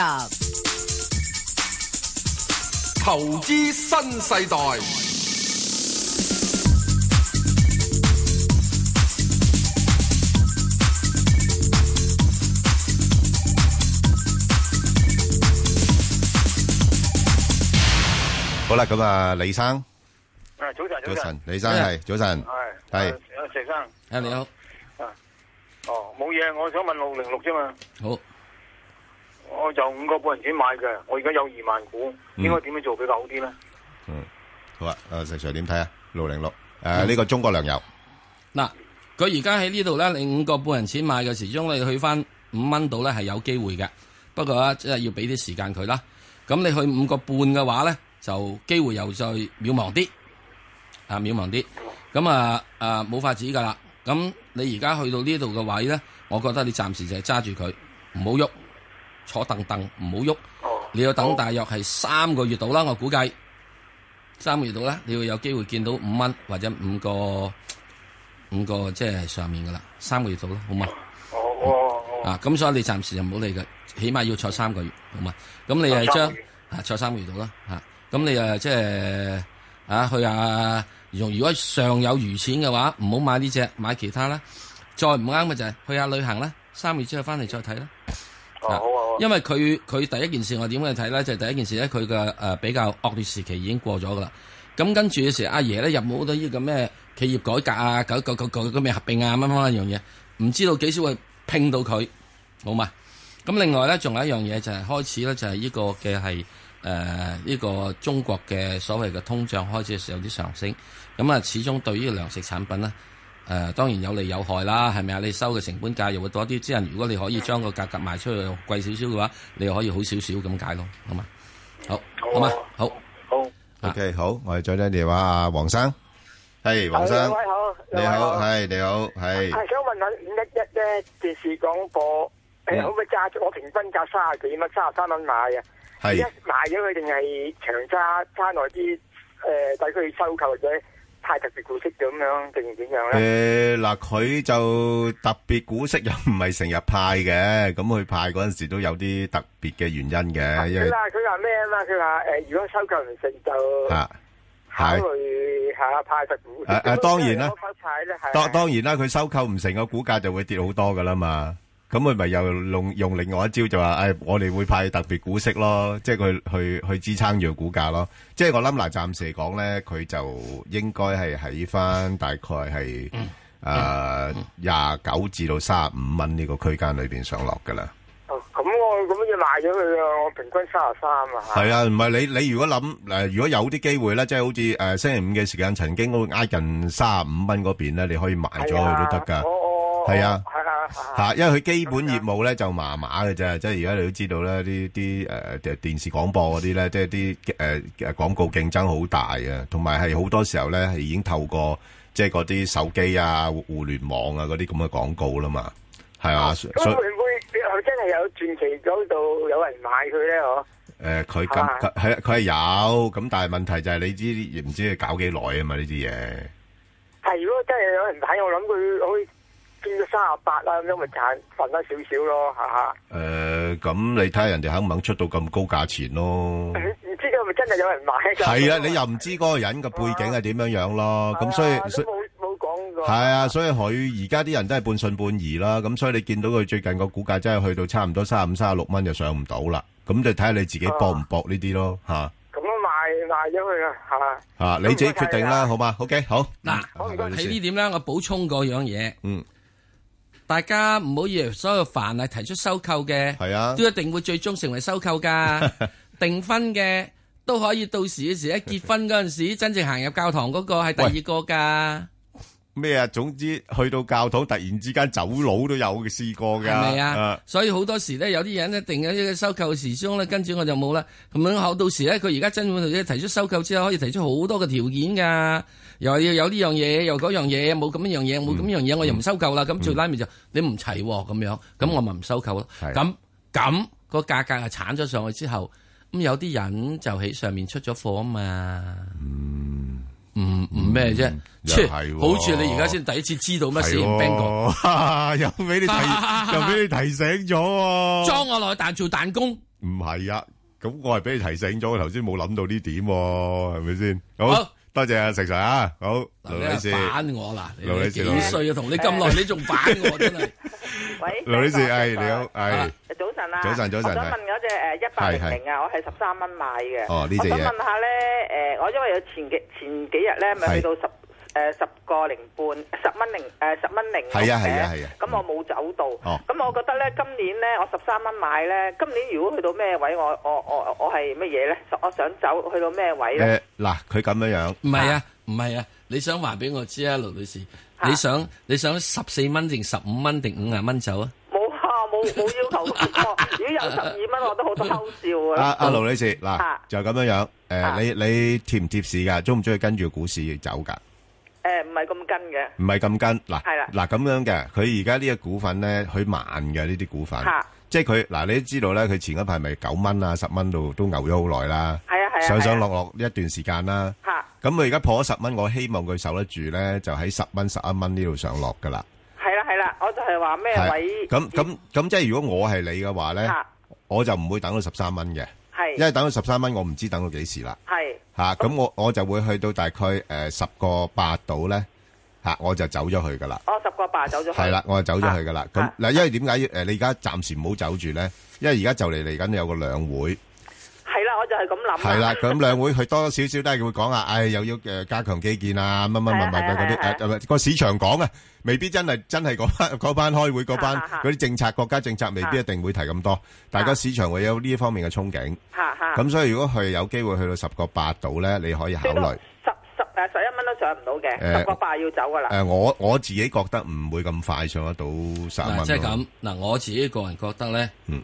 投資新世代。好啦，咁 啊，李生、哦，早晨，早晨，李生係，早晨，係，係，謝生，誒，你、呃、好。哦，冇嘢，我想問六零六啫嘛。好，我就五個半人錢買嘅，我而家有二萬股，應該點樣做比較好啲咧？嗯，好啊，誒，石 Sir 點睇啊？六零六誒，呢個中國糧油。嗱，佢而家喺呢度咧，你五個半人錢買嘅時，始終你去翻五蚊度咧係有機會嘅，不過啊，即係要俾啲時間佢啦。咁你去五個半嘅話咧，就機會又再渺茫啲，啊渺茫啲，咁啊啊冇法子噶啦。咁你而家去到呢度嘅位咧，我覺得你暫時就係揸住佢，唔好喐，坐凳凳，唔好喐。你要等大約係三個月到啦，我估計三個月到啦，你會有機會見到五蚊或者五個五個即係上面噶啦，三個月到啦，好嘛？哦啊，咁所以你暫時就唔好理佢，起碼要坐三個月，好嘛？咁你係將啊坐三個月到啦，嚇、啊。咁你誒即係啊去下。如果尚有餘錢嘅話，唔好買呢隻，買其他啦。再唔啱嘅就係去下旅行啦。三月之後翻嚟再睇啦。好、啊，好。因為佢佢第一件事我點樣去睇咧？就係、是、第一件事咧，佢嘅誒比較惡劣時期已經過咗噶啦。咁跟住嘅時候，阿、啊、爺咧入冇好多呢個咩企業改革啊，九九九九咩合併啊，乜乜乜一樣嘢，唔知道幾時會拼到佢，好嘛？咁另外咧，仲有一樣嘢就係、是、開始咧，就係呢個嘅係。誒，呢個中國嘅所謂嘅通脹開始嘅時候有啲上升，咁啊始終對於糧食產品咧，誒當然有利有害啦，係咪啊？你收嘅成本價又會多啲，之後如果你可以將個價格賣出去貴少少嘅話，你可以好少少咁解咯，好嘛？好，好嘛？好好，OK，好，我哋再聽電話阿黃生，係黃生，你好，你好，係你好，係。係想問下五一一電視廣播，係可唔可以加我平均價卅幾蚊，卅三蚊買啊？係一賣咗佢，定係長揸差內啲誒，抵佢去收購或者派特別股息咁樣，定點樣咧？誒，嗱，佢就特別股息又唔係成日派嘅，咁佢派嗰陣時都有啲特別嘅原因嘅。係啦，佢話咩啊嘛，佢話誒，如果收購唔成就吓，係係派特別股。誒誒，當然啦，當然啦，佢收購唔成個股價就會跌好多噶啦嘛。咁佢咪又用用另外一招就話，誒，我哋會派特別股息咯，即係佢去去支撐住股價咯。即係我諗嗱，暫時嚟講咧，佢就應該係喺翻大概係誒廿九至到三十五蚊呢個區間裏邊上落噶啦。哦，咁我咁樣要賣咗佢啊，我平均三十三啊。係啊，唔係你你如果諗，誒，如果有啲機會咧，即係好似誒星期五嘅時間，曾經嗰個挨近三十五蚊嗰邊咧，你可以賣咗佢都得噶。係啊，嚇，因為佢基本業務咧就麻麻嘅啫，即係而家你都知道咧，啲啲誒電視廣播嗰啲咧，即係啲誒誒廣告競爭好大啊，同埋係好多時候咧係已經透過即係嗰啲手機啊、互聯網啊嗰啲咁嘅廣告啦嘛，係啊。咁會唔會真係有傳奇嗰度有人買佢咧？嗬？誒，佢咁，佢係佢係有咁，但係問題就係你知唔知佢搞幾耐啊嘛？呢啲嘢係咯，如果真係有人睇，我諗佢可以。跌到三十八啦，咁樣咪賺賺翻少少咯，吓。誒，咁你睇下人哋肯唔肯出到咁高價錢咯？唔知佢係咪真係有人買？係啊，你又唔知嗰個人嘅背景係點樣樣咯？咁所以冇冇講過。係啊，所以佢而家啲人都係半信半疑啦。咁所以你見到佢最近個股價真係去到差唔多三十五、三十六蚊就上唔到啦。咁就睇下你自己搏唔搏呢啲咯，吓。咁賣賣咗佢啊，吓。吓你自己決定啦，好嘛？OK，好。嗱，睇呢點啦，我補充嗰樣嘢。嗯。大家唔好以為所有凡係提出收購嘅，係是啊，都一定會最終成為收購噶，訂婚嘅都可以到時嘅時一結婚嗰陣時 真正行入教堂嗰個係第二個噶。咩啊？總之去到教堂，突然之間走佬都有嘅，試過噶。係咪啊？嗯、所以好多時咧，有啲人咧，定咗一個收購時鐘咧，跟住我就冇啦。咁樣後到時咧，佢而家真會提出收購之後，可以提出好多嘅條件噶。又要有呢樣嘢，又嗰樣嘢，冇咁樣嘢，冇咁樣嘢，嗯、我又唔收購啦。咁、嗯、最拉面就你唔齊喎，咁樣咁我咪唔收購咯。咁咁個價格係鏟咗上去之後，咁有啲人就喺上面出咗貨啊嘛。嗯。唔唔咩啫，係，好似你而家先第一次知道乜事。邊個又俾你提，又俾你提醒咗？裝我落彈做彈弓？唔係啊，咁我係俾你提醒咗，頭先冇諗到呢點，係咪先？好，多謝阿石 sir 啊，好，劉女士。扮我嗱，你幾歲啊？同你咁耐，你仲反我真係。喂，劉女士，哎，你好，哎。早晨，早晨。我想問嗰隻誒一百零零啊，我係十三蚊買嘅。哦，呢隻嘢。我想問下咧，誒，我因為有前幾前幾日咧，咪去到十誒十個零半十蚊零誒十蚊零嘅。係啊，係啊，係啊。咁我冇走到。哦。咁我覺得咧，今年咧我十三蚊買咧，今年如果去到咩位，我我我我係乜嘢咧？我想走去到咩位咧？嗱，佢咁樣樣。唔係啊，唔係啊，你想話俾我知啊，盧女士。啊。你想你想十四蚊定十五蚊定五廿蚊走啊？冇冇要求咁多，如果有十二蚊，我都好想偷笑啊！阿阿盧女士，嗱就咁樣樣，誒，你你貼唔貼市噶？中唔中意跟住股市走噶？誒，唔係咁跟嘅，唔係咁跟。嗱，係啦，嗱咁樣嘅，佢而家呢個股份咧，佢慢嘅呢啲股份，即係佢嗱，你都知道咧，佢前一排咪九蚊啊，十蚊度都牛咗好耐啦，係啊係啊，上上落落呢一段時間啦，吓，咁佢而家破咗十蚊，我希望佢受得住咧，就喺十蚊十一蚊呢度上落噶啦，係啦係。話咩位？咁咁咁，即係如果我係你嘅話咧，啊、我就唔會等到十三蚊嘅，係，因為等到十三蚊，我唔知等到幾時啦。係吓，咁我我就會去到大概誒十、呃、個八度咧，吓我就走咗去噶啦。哦，十個八走咗去係啦，我就走咗去噶啦。咁嗱、哦啊，因為點解誒你而家暫時唔好走住咧？因為而家就嚟嚟緊有個兩會。係咁諗啦。係啦，咁兩會佢多多少少都係會講啊，唉，又要誒加強基建啊，乜乜乜乜嗰啲誒，個市場講啊，未必真係真係嗰班嗰班開會嗰班嗰啲政策，國家政策未必一定會提咁多。大家市場會有呢一方面嘅憧憬。吓吓。咁所以如果佢有機會去到十個八度咧，你可以考慮。十十誒十一蚊都上唔到嘅。誒，十個八要走噶啦。誒，我我自己覺得唔會咁快上得到十蚊。嗱，即係咁。嗱，我自己個人覺得咧，嗯，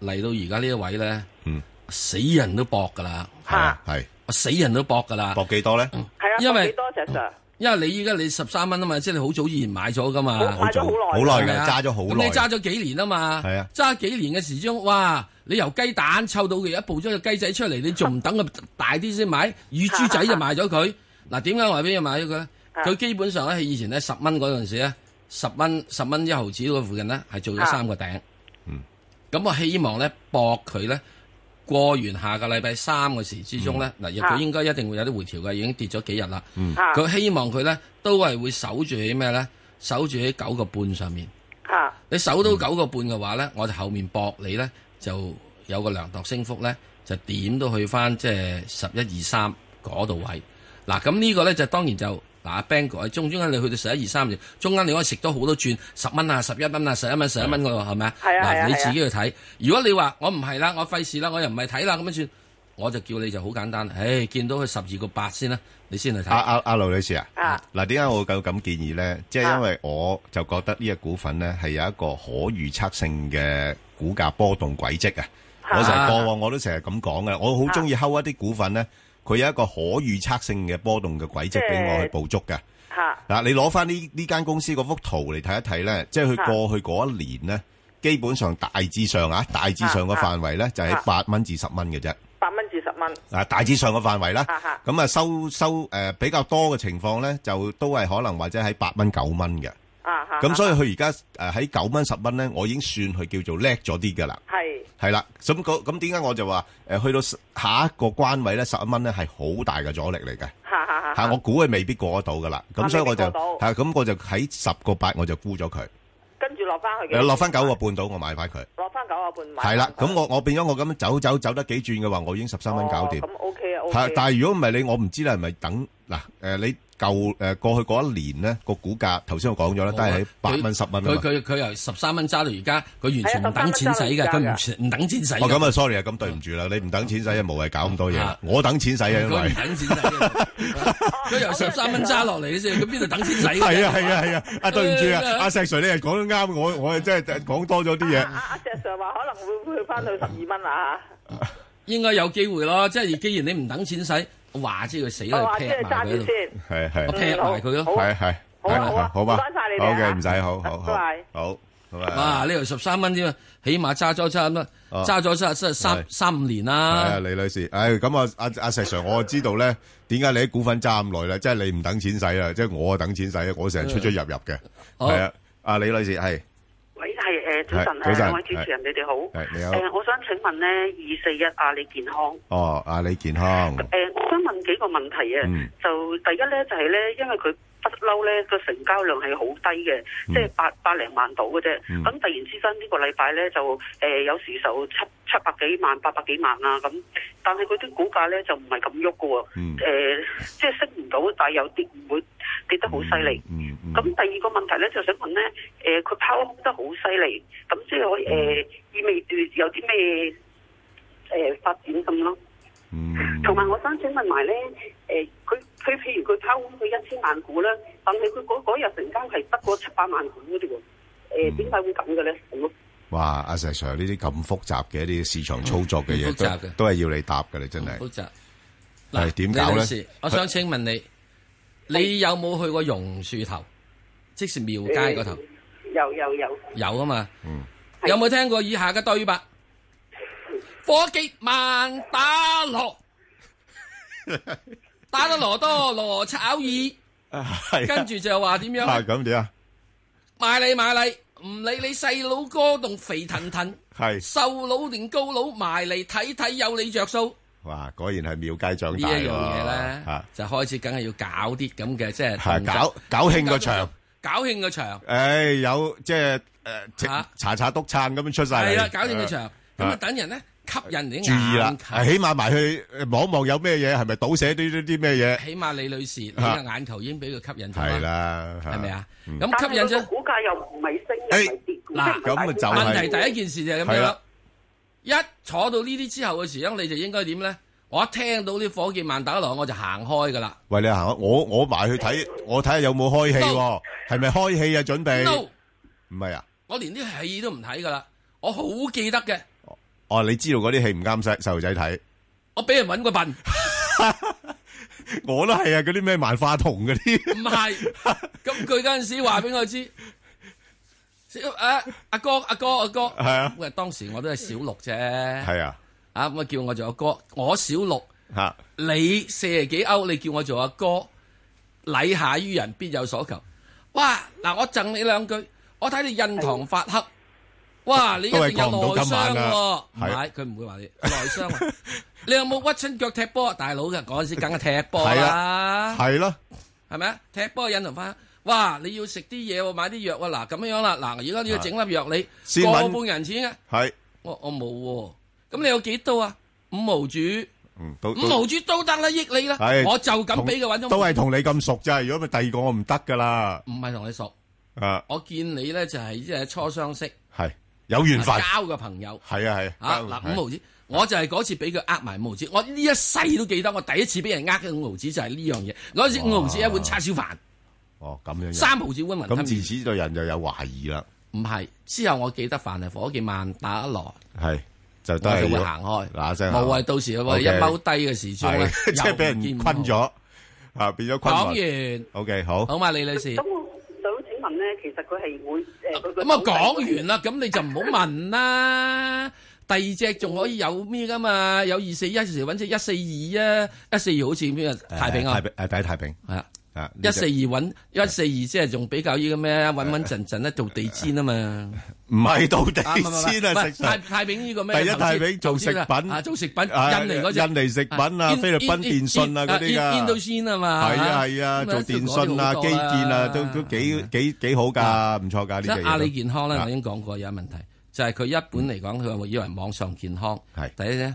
嚟到而家呢一位咧，嗯。死人都搏噶啦，係，死人都搏噶啦，搏幾多咧？係啊，因為多只只，因為你依家你十三蚊啊嘛，即係你好早以前買咗噶嘛，好耐，好耐嘅，揸咗好，咁你揸咗幾年啊嘛？係啊，揸幾年嘅時中，哇！你由雞蛋湊到嘅一部咗個雞仔出嚟，你仲唔等佢大啲先買，乳豬仔就賣咗佢。嗱，點解我話俾你賣咗佢咧？佢基本上咧，以前咧十蚊嗰陣時咧，十蚊十蚊一毫子嗰附近咧，係做咗三個頂。嗯，咁我希望咧搏佢咧。過完下個禮拜三嘅時之中呢，嗱、嗯，佢應該一定會有啲回調嘅，已經跌咗幾日啦。佢、嗯、希望佢呢都係會守住喺咩呢？守住喺九個半上面。你守到九個半嘅話呢，嗯、我就後面博你呢就有個量度升幅呢，就點都去翻即係十一二三嗰度位。嗱，咁呢個呢，就當然就。嗱，Ben 哥中中間你去到十一二三條，中間你可以食到好多轉，十蚊啊、十一蚊啊、十一蚊、十一蚊嗰個係咪啊？嗱，你自己去睇。如果你話我唔係啦，我費事啦，我又唔係睇啦，咁樣算，我就叫你就好簡單。唉、哎，見到佢十二個八先啦，你先去睇。阿阿阿盧女士啊，嗱點解我夠咁建議咧？即、就、係、是、因為我就覺得呢個股份咧係有一個可預測性嘅股價波動軌跡啊！我成日過往我都成日咁講嘅，我好中意睺一啲股份咧。佢有一個可預測性嘅波動嘅軌跡俾我去捕捉嘅。嗱，你攞翻呢呢間公司嗰幅圖嚟睇一睇咧，即係佢過去嗰一年咧，基本上大致上啊，大致上嘅範圍咧就喺八蚊至十蚊嘅啫。八蚊至十蚊。啊，大致上嘅範圍啦。啊哈。咁啊，收收誒比較多嘅情況咧，就都係可能或者喺八蚊九蚊嘅。啊哈！咁所以佢而家誒喺九蚊十蚊咧，我已經算佢叫做叻咗啲㗎啦。係係啦，咁嗰咁點解我就話誒去到下一個關位咧，十一蚊咧係好大嘅阻力嚟嘅。嚇嚇嚇！嚇我估佢未必過得到㗎啦。咁所以我就係咁，我就喺十個八我就沽咗佢。跟住。落翻九個半到，我買翻佢。落翻九個半買。係啦，咁我我變咗我咁樣走走走得幾轉嘅話，我已經十三蚊搞掂。OK 但係如果唔係你，我唔知你係咪等嗱？誒，你舊誒過去嗰一年呢個股價，頭先我講咗啦，都係喺八蚊十蚊。佢佢佢由十三蚊揸到而家，佢完全唔等錢使嘅，佢唔唔等錢使。哦，咁啊，sorry 啊，咁對唔住啦，你唔等錢使，無謂搞咁多嘢。我等錢使啊，因為佢由十三蚊揸落嚟先，咁邊度等錢使？係啊係啊係啊！阿對唔住啊，阿石 Sir，你又講得啱我。我哋真係講多咗啲嘢。阿阿石 sir 話可能會去翻到十二蚊啊。吓，應該有機會咯。即係既然你唔等錢使，我話知佢死啦。我話知揸住先，係係聽埋佢咯。係係好啊，好啊，唔該晒你哋啊。嘅，唔使，好好好，拜拜，好好。哇，呢度十三蚊啫嘛，起碼揸咗差唔多，揸咗三三三五年啦。係李女士，唉，咁啊，阿阿石 sir 我知道咧，點解你啲股份揸咁耐咧？即係你唔等錢使啊，即係我等錢使我成日出出入入嘅，係啊，阿李女士係。早晨，兩、啊、位主持人是你哋好。係你、呃、我想請問呢，二四一阿里健康。哦，阿里健康。誒、呃，我想問幾個問題啊。嗯、就第一呢，就係、是、呢，因為佢不嬲呢個成交量係好低嘅，嗯、即係八百零萬度嘅啫。咁、嗯、突然之間呢、這個禮拜呢，就誒、呃、有時就七七百幾萬、八百幾萬啊咁，但係佢啲股價呢，就唔係咁喐嘅。嗯。誒，即係升唔到，但係有啲唔會。跌得好犀利，咁第二個問題咧，就想問咧，誒，佢拋空得好犀利，咁即係我誒意味住有啲咩誒發展咁咯？嗯，同埋我想請問埋咧，誒，佢佢譬如佢拋空佢一千萬股啦，但係佢嗰日成交係得嗰七百萬股嗰啲喎，誒，點解會咁嘅咧？咁啊，哇，阿石 Sir，呢啲咁複雜嘅一啲市場操作嘅嘢，都都係要你答㗎，你真係。複雜係點搞咧？我想請問你。你有冇去過榕樹頭，即是廟街嗰頭？嗯、有有有有啊嘛！的有冇聽過以下嘅對白？伙計，慢 打鑼，打到羅多羅炒耳。係。跟住就話點樣咧？係咁點啊？埋嚟埋嚟，唔、啊、理你細佬哥同肥騰騰，係 的瘦佬定高佬埋嚟睇睇，埋嚟埋嚟睇睇有你着數。哇！果然係廟街長大喎，就開始梗係要搞啲咁嘅，即係搞搞興個場，搞興個場，誒有即係誒查查督撐咁樣出曬，係啦，搞興個場，咁啊等人咧吸引啲注意啦，起碼埋去望望有咩嘢，係咪倒寫啲啲啲咩嘢？起碼李女士，你嘅眼球已經俾佢吸引咗啦，係咪啊？咁吸引咗，股價又唔係升一啲，嗱咁啊就係問題第一件事就係咁樣。一坐到呢啲之後嘅時候，你就應該點咧？我一聽到啲火箭萬打落，我就行開噶啦。喂，你行開，我我埋去睇，我睇下有冇開戲，係咪 No, 開戲啊？準備？唔係 No, 啊，我連啲戲都唔睇噶啦，我好記得嘅。哦，你知道嗰啲戲唔啱細細路仔睇，我俾人搵過笨， 我都係啊，嗰啲咩萬花筒嗰啲，唔係。咁佢嗰陣時話俾我知。 誒，阿哥阿哥阿哥，係啊，咁啊當時我都係小六啫，係啊，啊咁啊叫我做阿哥，我小六，吓你四十幾歐，你叫我做阿哥，禮下於人必有所求。哇，嗱我贈你兩句，我睇你印堂發黑，哇你一定有內傷噶，唔係佢唔會話你內傷啊，你有冇屈親腳踢波？大佬嘅嗰陣時梗係踢波啦，係咯，係咪啊？踢波印堂發黑。哇！你要食啲嘢，買啲藥啊。嗱，咁樣樣啦。嗱，而家你要整粒藥，你個半人錢嘅係我我冇咁，你有幾多啊？五毫紙，五毫紙都得啦，益你啦，我就咁俾佢揾咗。都係同你咁熟啫。如果咪第二個我唔得噶啦，唔係同你熟啊。我見你咧就係即係初相識，係有緣分交嘅朋友，係啊係啊嗱。五毫紙，我就係嗰次俾佢呃埋五毫紙。我呢一世都記得，我第一次俾人呃嘅五毫紙就係呢樣嘢。嗰次五毫紙一碗叉燒飯。哦，咁樣三毫子溫文，咁自此對人就有懷疑啦。唔係，之後我記得凡係火記萬打一來，係就都係會行開。嗱，就無謂到時又話一踎低嘅時鐘咧，即係俾人困咗啊，變咗困。講完。OK，好。好嘛，李女士。咁我想請問咧，其實佢係會咁啊講完啦，咁你就唔好問啦。第二隻仲可以有咩噶嘛？有二四一，時揾隻一四二啊，一四二好似咩太平啊？太平第一太平係啊。一四二揾一四二，即係仲比較呢個咩啊？穩穩陣陣咧做地氈啊嘛，唔係到地氈啊！太太平呢個咩？第一太平做食品，做食品印尼印尼食品啊，菲律賓電信啊嗰啲噶 Indo 線啊嘛，係啊係啊，做電信啊基建啊，都都幾幾幾好噶，唔錯噶呢幾。即係阿里健康咧，我已經講過有問題，就係佢一本嚟講，佢以為網上健康係，第一咧？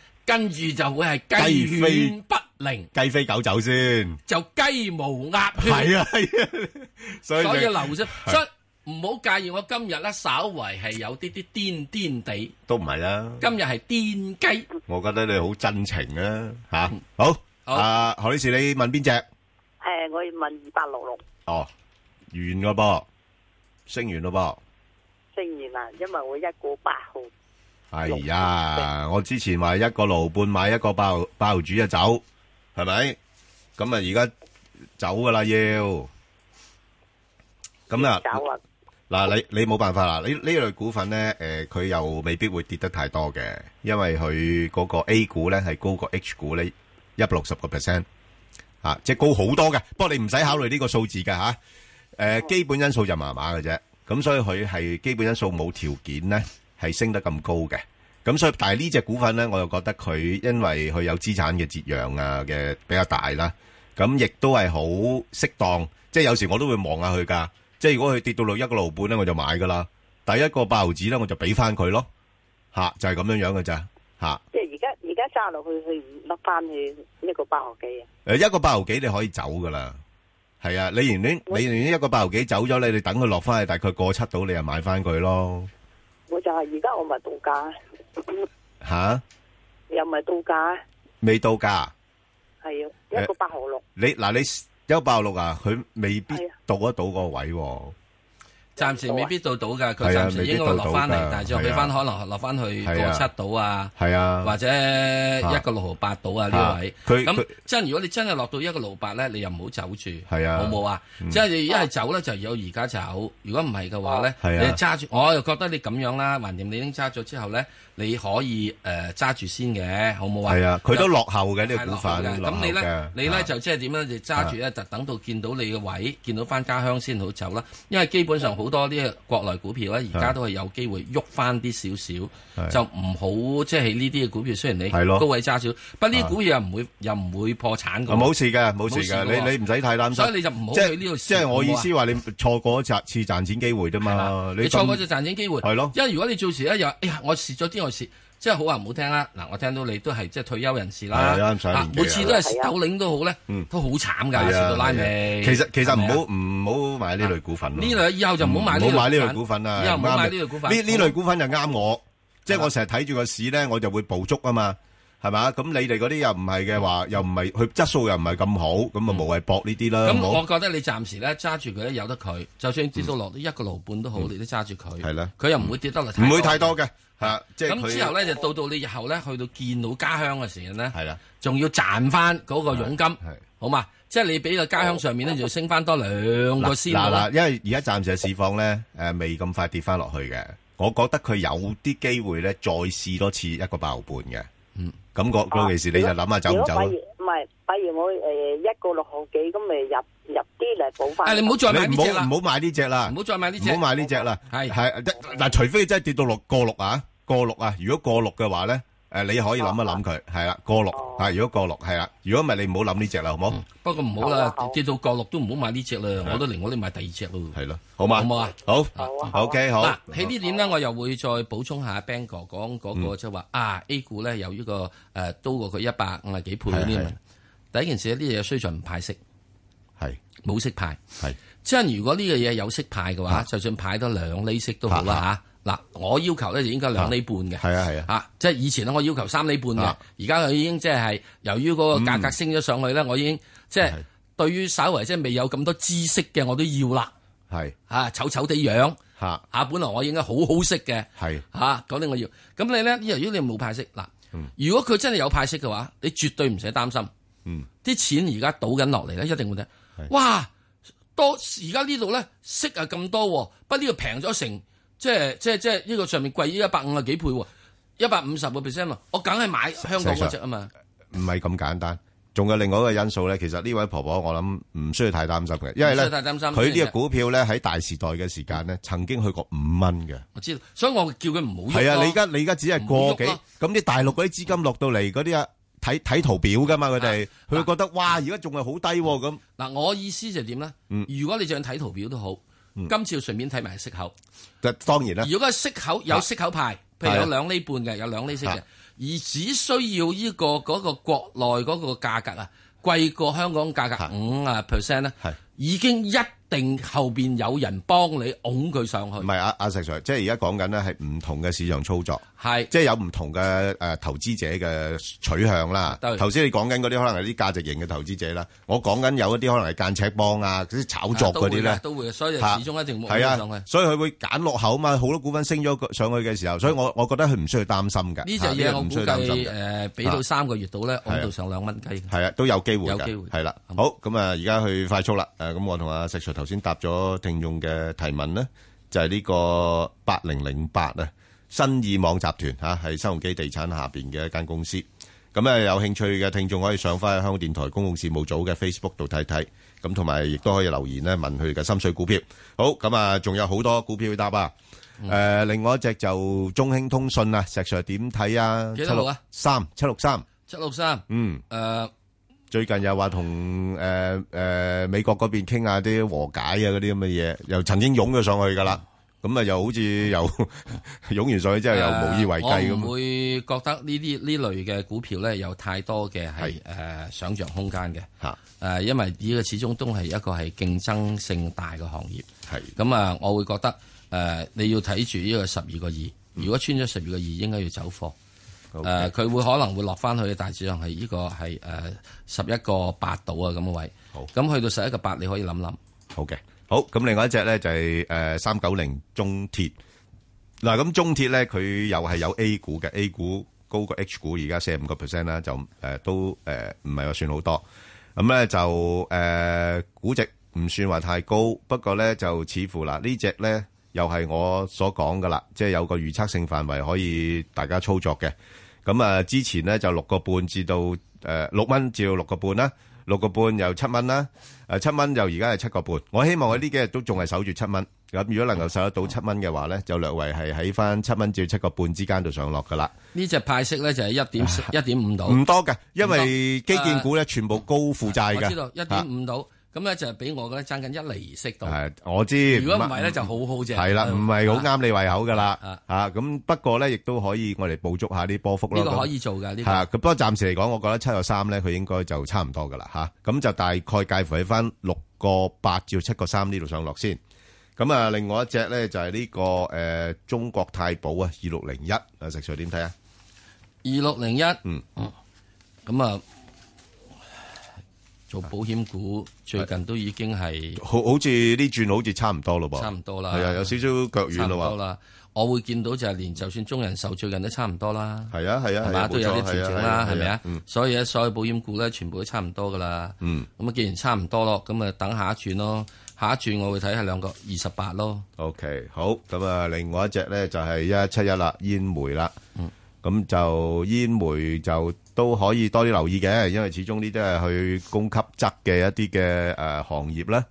跟住就會係雞犬不寧，雞飛狗走先，就雞毛鴨血，係啊係啊，所以劉叔唔好介意，我今日咧稍為係有啲啲癲癲地都唔係啦。今日係癲雞，我覺得你好真情啊吓，好啊何女士，你問邊隻？誒，我要問二八六六哦，完個噃，升完咯，噃升完啦，因為我一個八號。係、哎、呀，我之前話一個盧半買一個爆豪，主就走，係咪？咁啊，而家走噶啦，要咁啊！嗱，你你冇辦法啦！呢呢類股份呢，誒、呃，佢又未必會跌得太多嘅，因為佢嗰個 A 股呢係高過 H 股呢，一百六十個 percent，啊，即係高好多嘅。不過你唔使考慮呢個數字嘅吓，誒、啊，基本因素就麻麻嘅啫。咁、啊、所以佢係基本因素冇條件呢。係升得咁高嘅，咁所以但係呢隻股份咧，我又覺得佢因為佢有資產嘅折讓啊嘅比較大啦，咁亦都係好適當。即係有時我都會望下佢噶，即係如果佢跌到落一個毫半咧，我就買噶啦。第一個八毫子咧，我就俾翻佢咯，吓、啊，就係、是、咁樣樣嘅咋吓。啊、即係而家而家揸落去，去甩翻去一個八毫幾啊？誒一個八毫幾你可以走噶啦，係啊！你寧願你寧願、嗯、一個八毫幾走咗，你你等佢落翻去大概過七到，你又買翻佢咯。我就係而家我咪度假，吓哈又唔係度假，未度假，係啊一個八號六，你嗱你八號六啊，佢未必到得到個位。暫時未必到到㗎，佢暫時應該會落翻嚟，但係就俾翻可能落翻去個七島啊，係啊，或者一個六號八島啊呢位，佢咁真如果你真係落到一個六八咧，你又唔好走住，係啊，好冇啊？即係你一係走咧就有而家走，如果唔係嘅話咧，你揸住，我又覺得你咁樣啦，橫掂你已經揸咗之後咧。你可以誒揸住先嘅，好唔好啊？係啊，佢都落後嘅呢啲股份。咁你咧，你咧就即係點咧？就揸住咧，就等到見到你嘅位，見到翻家鄉先好走啦。因為基本上好多啲國內股票咧，而家都係有機會喐翻啲少少，就唔好即係呢啲嘅股票。雖然你高位揸少，不過呢股嘢又唔會又唔會破產㗎。冇事㗎，冇事㗎。你你唔使太擔心。所以你就唔好即係呢個。即係我意思話，你錯過一次賺錢機會啫嘛。你錯過咗賺錢機會。係咯。因為如果你做時咧又哎呀，我蝕咗啲即係好話唔好聽啦。嗱，我聽到你都係即係退休人士啦。係啦，上年紀。每次都係豆領都好咧，都好慘㗎，蝕到拉尾。其實其實唔好唔好買呢類股份。呢類以後就唔好買呢類股份啦。唔好買呢類股份啦。又唔好買呢類股份。呢呢類股份就啱我，即係我成日睇住個市咧，我就會捕捉啊嘛，係嘛？咁你哋嗰啲又唔係嘅話，又唔係佢質素又唔係咁好，咁啊無謂博呢啲啦。咁我覺得你暫時咧揸住佢有得佢，就算跌到落到一個路半都好，你都揸住佢。係啦，佢又唔會跌得嚟，唔會太多嘅。啊！即係咁之後咧，就到到你日後咧，去到見到家鄉嘅時候咧，仲要賺翻嗰個佣金，好嘛？即係你俾個家鄉上面咧，就要升翻多兩個先嗱嗱，因為而家暫時嘅市況咧，誒未咁快跌翻落去嘅，我覺得佢有啲機會咧，再試多次一個八毫半嘅。嗯，感覺嗰陣時你就諗下走唔走啦。唔係，譬如我誒一個六毫幾咁，咪入入啲嚟補翻。你唔好再買呢隻啦。唔好唔好買呢隻啦。唔好再買呢隻。唔好買呢隻啦。係係，嗱，除非真係跌到六個六啊！過六啊！如果過六嘅話咧，誒，你可以諗一諗佢，係啦，過六啊！如果過六係啦，如果唔係，你唔好諗呢隻啦，好唔好？不過唔好啦，跌到過六都唔好買呢隻啦，我都寧我哋買第二隻咯。係咯，好嘛，好啊？好，OK，好。嗱，喺呢點咧，我又會再補充下，Ben 哥講嗰個即係話啊，A 股咧由呢個誒多過佢一百五啊幾倍呢，第一件事呢啲嘢雖然唔派息，係冇息派，係。即係如果呢個嘢有息派嘅話，就算派得兩厘息都好啦吓。嗱，我要求咧就應該兩厘半嘅，係啊係啊嚇，即係以前咧我要求三厘半嘅，而家佢已經即係由於嗰個價格升咗上去咧，我已經即係對於稍為即係未有咁多知識嘅我都要啦，係嚇醜醜地樣嚇嚇，本來我應該好好識嘅，係嚇嗰啲我要咁你咧。由於你冇派息嗱，如果佢真係有派息嘅話，你絕對唔使擔心啲錢而家倒緊落嚟咧，一定會得。哇，多而家呢度咧息啊咁多，不過呢度平咗成。即係即係即係呢個上面貴於一百五十幾倍喎，一百五十個 percent 喎，我梗係買香港嗰隻啊嘛，唔係咁簡單，仲有另外一個因素咧。其實呢位婆婆我諗唔需要太擔心嘅，因為咧佢呢個股票咧喺大時代嘅時間咧曾經去過五蚊嘅，我知道。所以我叫佢唔好。係啊，你而家你而家只係過幾咁啲大陸嗰啲資金落到嚟嗰啲啊，睇睇圖表㗎嘛，佢哋，佢覺得哇而家仲係好低咁。嗱我意思就係點咧？嗯，如果你仲睇圖表都好。嗯、今次要順便睇埋係息口，其實當然啦。如果係息口有息口牌，的譬如有兩厘半嘅，有兩厘息嘅，的而只需要呢、呢個、嗰個國內個價格啊，貴過香港價格五啊 percent 咧，已經一。定後邊有人幫你拱佢上去？唔係啊，啊石 Sir，即係而家講緊咧係唔同嘅市場操作，係即係有唔同嘅誒投資者嘅取向啦。頭先你講緊嗰啲可能係啲價值型嘅投資者啦，我講緊有一啲可能係間尺幫啊，啲炒作嗰啲咧，都會嘅都會嘅，所以始終一定會上去。係啊，所以佢會揀落口嘛。好多股份升咗上去嘅時候，所以我我覺得佢唔需要擔心㗎。呢隻嘢我估計唔需要擔心，誒，俾到三個月到咧，拱到上兩蚊雞。係啊，都有機會嘅。係啦，好，咁啊，而家去快速啦。誒，咁我同啊石 Sir。頭先答咗聽眾嘅提問咧，就係呢個八零零八啊，新意網集團吓係新鴻基地產下邊嘅一間公司。咁咧，有興趣嘅聽眾可以上翻去香港電台公共事務組嘅 Facebook 度睇睇。咁同埋亦都可以留言咧，問佢嘅心水股票。好，咁啊，仲有好多股票要答啊。誒，另外一隻就中興通訊啊，石 Sir 點睇啊？幾多號啊？三七六三七六三。嗯。誒。最近又話同誒誒美國嗰邊傾下啲和解啊嗰啲咁嘅嘢，又曾經湧咗上去噶啦，咁啊又好似又湧完上去之後又無以為繼咁、呃。我唔會覺得呢啲呢類嘅股票咧有太多嘅係誒想象空間嘅吓誒，是因為呢個始終都係一個係競爭性大嘅行業。係咁啊，我會覺得誒、呃、你要睇住呢個十二個二，如果穿咗十二個二，應該要走貨。誒，佢好、呃、會可能會落翻去大致上係呢、這個係誒十一個八度啊咁嘅位，好咁去到十一個八你可以諗諗。好嘅，好咁另外一隻咧就係誒三九零中鐵。嗱、啊、咁中鐵咧佢又係有 A 股嘅，A 股高過 H 股而家四五個 percent 啦，就誒、呃、都誒唔係話算好多。咁、啊、咧就誒、呃、估值唔算話太高，不過咧就似乎嗱、這個、呢隻咧又係我所講嘅啦，即係有個預測性範圍可以大家操作嘅。咁啊，之前呢就六個半至到誒六蚊至到六個半啦，六個半又七蚊啦，誒七蚊就而家係七個半。我希望喺呢幾日都仲係守住七蚊。咁如果能夠守得到七蚊嘅話咧，就略為係喺翻七蚊至七個半之間度上落噶啦。呢隻派息咧就係一點一點五到，唔 多嘅，因為多基建股咧全部高負債嘅，知道一點五到。 咁咧就俾我覺得爭緊一釐息度。係，我知。如果唔係咧，就好好啫。係啦，唔係好啱你胃口噶啦。啊，嚇咁不過咧，亦都可以我哋捕捉下啲波幅啦。呢個可以做㗎，呢個。係啊，咁不過暫時嚟講，我覺得七個三咧，佢應該就差唔多㗎啦。嚇，咁就大概介乎喺翻六個八至七個三呢度上落先。咁啊，另外一隻咧就係呢個誒中國太保啊，二六零一啊，石 Sir 點睇啊？二六零一。嗯。嗯。咁啊。做保險股最近都已經係好好似呢轉好似差唔多咯噃，差唔多啦，係啊，有少少腳軟咯喎，差唔多啦。我會見到就係連就算中人壽最近都差唔多啦，係啊係啊，係嘛都有啲調整啦，係咪啊？所以咧，所有保險股咧全部都差唔多噶啦。嗯，咁啊，既然差唔多咯，咁啊等下一轉咯，下一轉我會睇下兩個二十八咯。OK，好，咁啊，另外一隻咧就係一七一啦，煙梅啦。嗯。咁就煙煤就都可以多啲留意嘅，因為始終呢啲係去供給側嘅一啲嘅誒行業咧。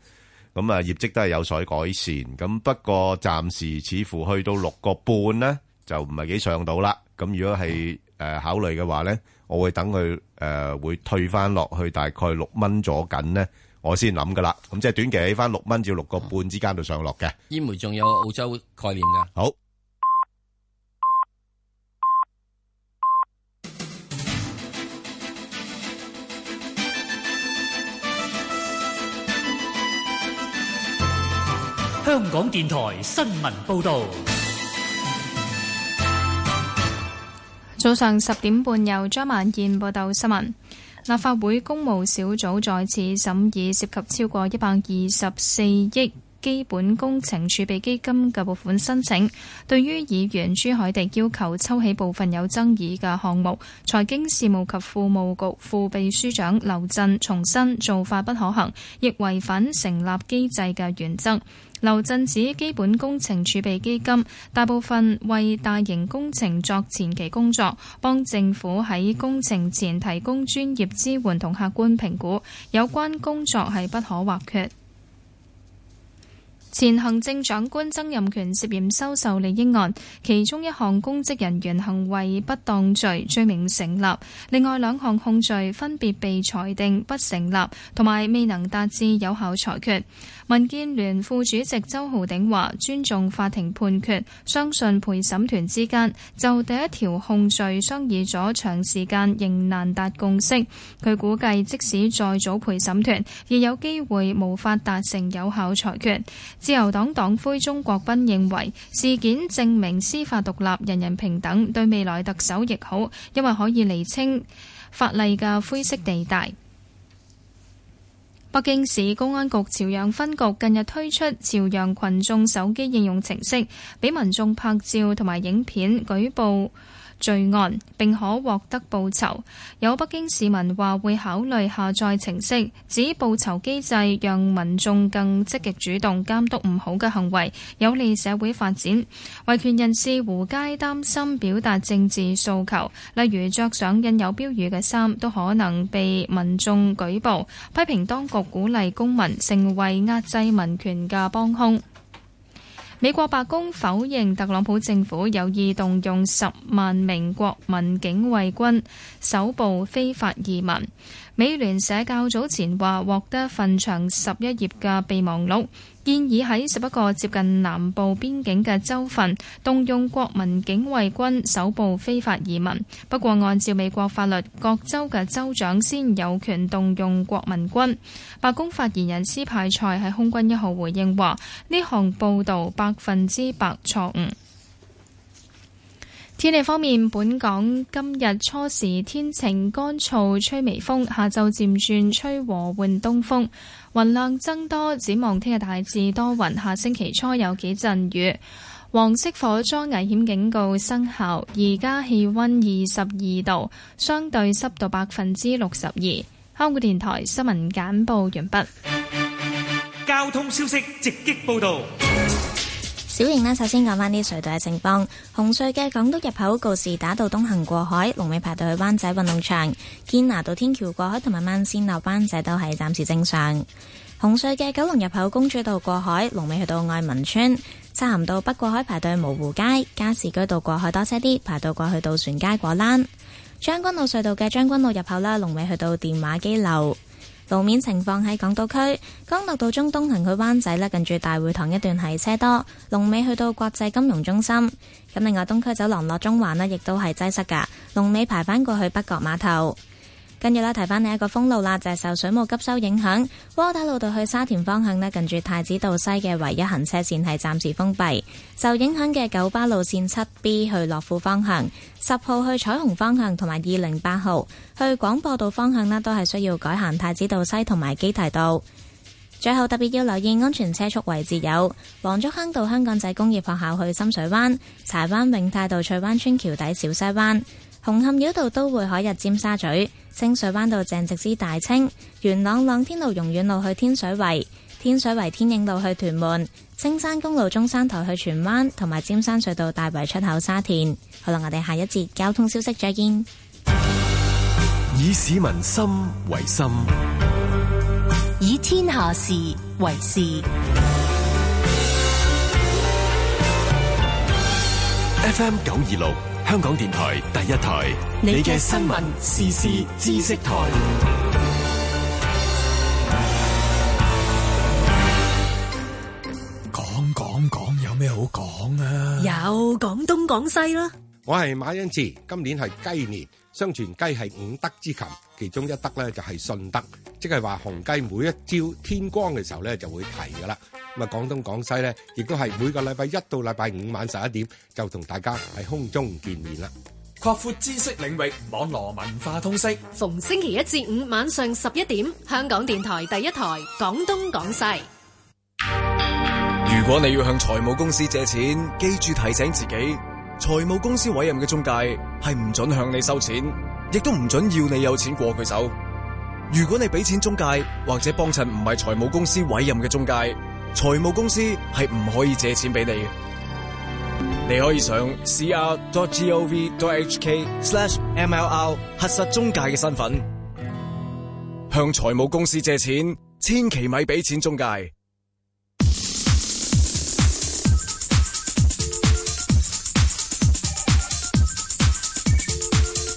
咁、呃、啊業績都係有所改善。咁不過暫時似乎去到六個半咧，就唔係幾上到啦。咁如果係誒、呃、考慮嘅話咧，我會等佢誒、呃、會退翻落去大概六蚊左緊咧，我先諗噶啦。咁即係短期喺翻六蚊至六個半之間度上落嘅。煙煤仲有澳洲概念㗎。好。香港電台新聞報道，早上十點半由張萬燕報道新聞。立法會公務小組再次審議涉及超過一百二十四億，基本工程儲備基金嘅撥款申請，對於議員朱凱迪要求抽起部分有爭議嘅項目，財經事務及庫務局副秘書長劉振重申做法不可行，亦違反成立機制嘅原則，劉振指基本工程儲備基金大部分為大型工程作前期工作，幫政府喺工程前提供專業支援同客觀評估，有關工作係不可或缺。前行政長官曾蔭權涉嫌收受利益案，其中一項公職人員行為不當罪罪名成立，另外兩項控罪分別被裁定不成立，同埋未能達至有效裁決。民建聯副主席周浩鼎話：尊重法庭判決，相信陪審團之間就第一條控罪商議咗長時間仍難達共識。佢估計即使再組陪審團，亦有機會無法達成有效裁決。自由黨黨魁鍾國斌認為事件證明司法獨立、人人平等對未來特首亦好，因為可以釐清法例嘅灰色地帶。北京市公安局朝陽分局近日推出朝陽群眾手機應用程式，俾民眾拍照同埋影片舉報。罪案並可獲得報酬，有北京市民話會考慮下載程式，指報酬機制讓民眾更積極主動監督唔好嘅行為，有利社會發展。維權人士胡佳擔心表達政治訴求，例如着上印有標語嘅衫，都可能被民眾舉報，批評當局鼓勵公民成為壓制民權嘅幫兇。美國白宮否認特朗普政府有意動用十萬名國民警衛軍搜捕非法移民。美聯社較早前話獲得份長十一頁嘅備忘錄，建議喺十一個接近南部邊境嘅州份動用國民警衛軍搜捕非法移民。不過，按照美國法律，各州嘅州長先有權動用國民軍。白宮發言人斯派塞喺空軍一號回應話：呢項報道百分之百錯誤。天氣方面，本港今日初時天晴乾燥，吹微，微風；下晝漸轉吹和緩東風，雲量增多。展望聽日大致多雲，下星期初有幾陣雨。黃色火災危險警告生效。而家氣溫二十二度，相對濕度百分之六十二。香港電台新聞簡報完畢。交通消息直擊報道。小瑩呢，首先講返啲隧道嘅情況。紅隧嘅港島入口告士打道東行過海，龍尾排隊去灣仔運動場；堅拿道天橋過海同埋慢線落灣仔都係暫時正常。紅隧嘅九龍入口公主道過海，龍尾去到愛民村；漆咸道北過海排隊蕪湖街，加士居道過海多車啲，排到過去渡船街果欄。將軍澳隧道嘅將軍澳入口啦，龍尾去到電話機樓。路面情況喺港島區，干諾道中東行去灣仔咧，近住大會堂一段係車多，龍尾去到國際金融中心。咁另外東區走廊落中環呢，亦都係擠塞㗎，龍尾排返過去北角碼頭。跟住啦，提翻你一個封路啦，就係、是、受水務急修影響，窩打老道去沙田方向呢，近住太子道西嘅唯一行車線係暫時封閉。受影響嘅九巴路線七 B 去樂富方向、十號去彩虹方向同埋二零八號去廣播道方向呢，都係需要改行太子道西同埋基堤道。最後特別要留意安全車速位置有黃竹坑道香港仔工業學校去深水灣、柴灣永泰道翠灣村橋底、小西灣。紅磡繞道都會海入尖沙咀，清水灣道正直之大清，元朗朗天路榮苑路去天水圍，天水圍天影路去屯門，青山公路中山台去荃灣，同埋尖山隧道大圍出口沙田。好啦，我哋下一節交通消息再見。以市民心為心，以天下事為事。F M 九二六。香港電台第一台，你嘅新聞時事知識台，講講講有咩好講啊？有講東講西啦。我係馬恩慈，今年係雞年。相傳雞係五德之禽，其中一德咧就係信德，即係話紅雞每一朝天光嘅時候咧就會啼噶啦。咁啊，廣東廣西咧亦都係每個禮拜一到禮拜五晚十一點就同大家喺空中見面啦。擴闊知識領域，網羅文化通識。逢星期一至五晚上十一點，香港電台第一台廣東廣西。如果你要向財務公司借錢，記住提醒自己。財務公司委任嘅中介係唔准向你收錢，亦都唔准要你有錢過佢手。如果你俾錢中介或者幫襯唔係財務公司委任嘅中介，財務公司係唔可以借錢俾你嘅。你可以上 c r dot g o v dot h k slash m l r 核實中介嘅身份，向財務公司借錢，千祈咪俾錢中介。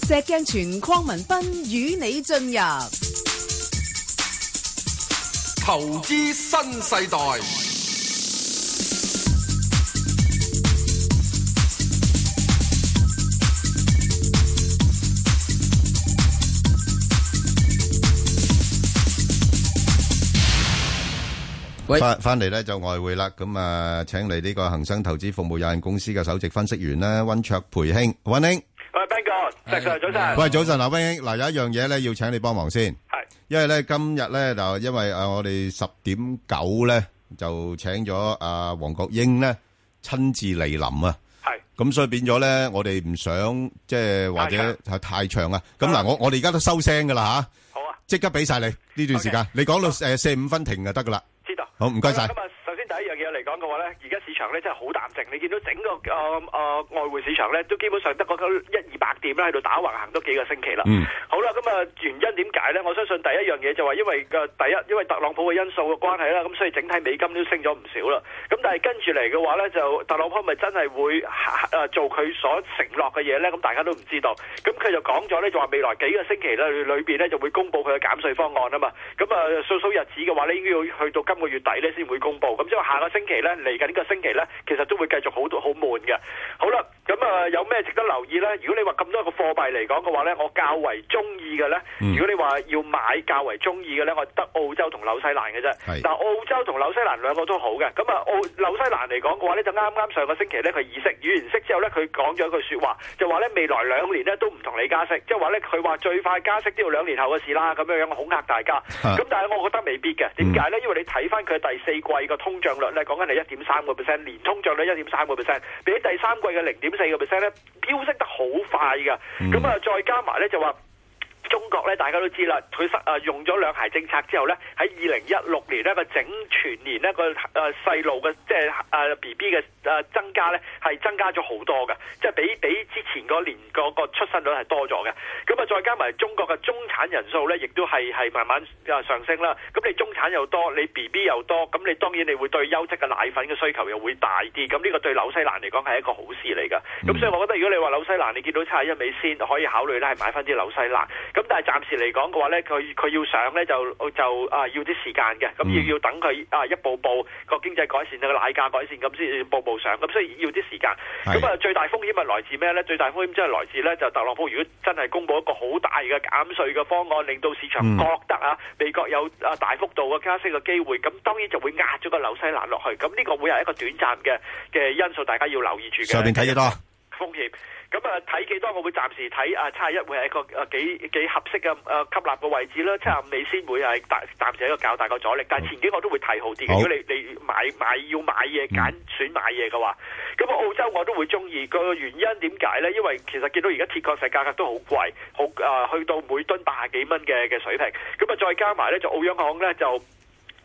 石鏡泉、鄺民彬與你進入投資新世代。喂，翻翻嚟咧就外匯啦，咁啊，請嚟呢個恒生投資服務有限公司嘅首席分析員咧，溫卓培兄，溫兄。石 Sir 早晨，喂早晨，民彬，嗱，有一樣嘢咧要請你幫忙先，係，因為咧今日咧就因為誒我哋十點九咧就請咗阿黃國英咧親自嚟臨啊，係，咁所以變咗咧我哋唔想即係或者係太長啊。咁，嗱我我哋而家都收聲噶啦吓，好啊，即刻俾晒你呢段時間，你講到誒四五分停就得噶啦，知道，好唔該晒。今日首先第一樣嘅嚟講嘅話呢，而家市場呢真係好淡靜。你見到整個個誒外匯市場呢，都基本上得嗰一二百點咧喺度打橫行都幾個星期啦。好啦，咁啊原因點解呢？我相信第一樣嘢就話因為第一，因為特朗普嘅因素嘅關係啦，咁所以整體美金都升咗唔少啦。咁但係跟住嚟嘅話呢，就特朗普咪真係會做佢所承諾嘅嘢呢。咁大家都唔知道。咁佢就講咗呢，就話未來幾個星期咧，裏邊呢就會公布佢嘅減稅方案啊嘛。咁啊，數數日子嘅話呢，應該要去到今個月底呢先會公布。咁之後下個星期咧，嚟緊呢個星期咧，其實都會繼續好好好悶嘅。好啦。咁啊，有咩值得留意呢？如果你話咁多個貨幣嚟講嘅話呢，我較為中意嘅呢。嗯、如果你話要買較為中意嘅呢，我得澳洲同紐西蘭嘅啫。嗱是，澳洲同紐西蘭兩個都好嘅。咁啊，澳紐西蘭嚟講嘅話呢就啱啱上個星期呢，佢議息，議完息之後呢，佢講咗一句説話，就話呢：「未來兩年呢都唔同你加息」，即係話呢，佢話最快加息都要兩年後嘅事啦。咁樣樣恐嚇大家。咁、啊、但係我覺得未必嘅，點解呢？嗯、因為你睇翻佢第四季個通脹率呢，講緊係一點三個 percent，年通脹率一點三個 percent，比起第三季嘅零點四個 percent 咧，飆升得好快噶，咁啊，再加埋咧就話。中國咧，大家都知啦，佢實啊用咗兩孩政策之後咧，喺二零一六年咧個整全年呢個誒細路嘅即係誒 B B 嘅誒增加咧，係增加咗好多嘅，即係比比之前嗰年個出生率係多咗嘅。咁啊，再加埋中國嘅中產人數咧，亦都係係慢慢上升啦。咁你中產又多，你 B B 又多，咁你當然你會對優質嘅奶粉嘅需求又會大啲。咁呢個對紐西蘭嚟講係一個好事嚟噶。咁所以，我覺得如果你話紐西蘭，你見到七一美先可以考慮咧，係買翻啲紐西蘭咁。但係暫時嚟講嘅話咧，佢佢要上咧就就啊要啲時間嘅，咁要、嗯、要等佢啊一步步個經濟改善啊個、嗯、奶價改善咁先步步上，咁所以要啲時間。咁啊是最大風險係來自咩咧？最大風險即係來自咧，就特朗普如果真係公布一個好大嘅減稅嘅方案，令到市場覺得、嗯、啊美國有啊大幅度嘅加息嘅機會，咁當然就會壓咗個紐西蘭落去。咁呢個會係一個短暫嘅嘅因素，大家要留意住嘅。上邊睇幾多風險？咁啊，睇幾多我會暫時睇啊，差一會係、啊啊、一個誒幾幾合適嘅誒吸納嘅位置啦，七十五美仙會係大暫時一個較大嘅阻力。但係前景我都會睇好啲。好如果你你買買要買嘢揀選，選買嘢嘅話，咁啊、嗯、澳洲我都會中意。個原因點解呢？因為其實見到而家鐵礦石價格都好貴，好啊、呃，去到每噸八十幾蚊嘅嘅水平。咁啊，再加埋呢，就澳央行呢，就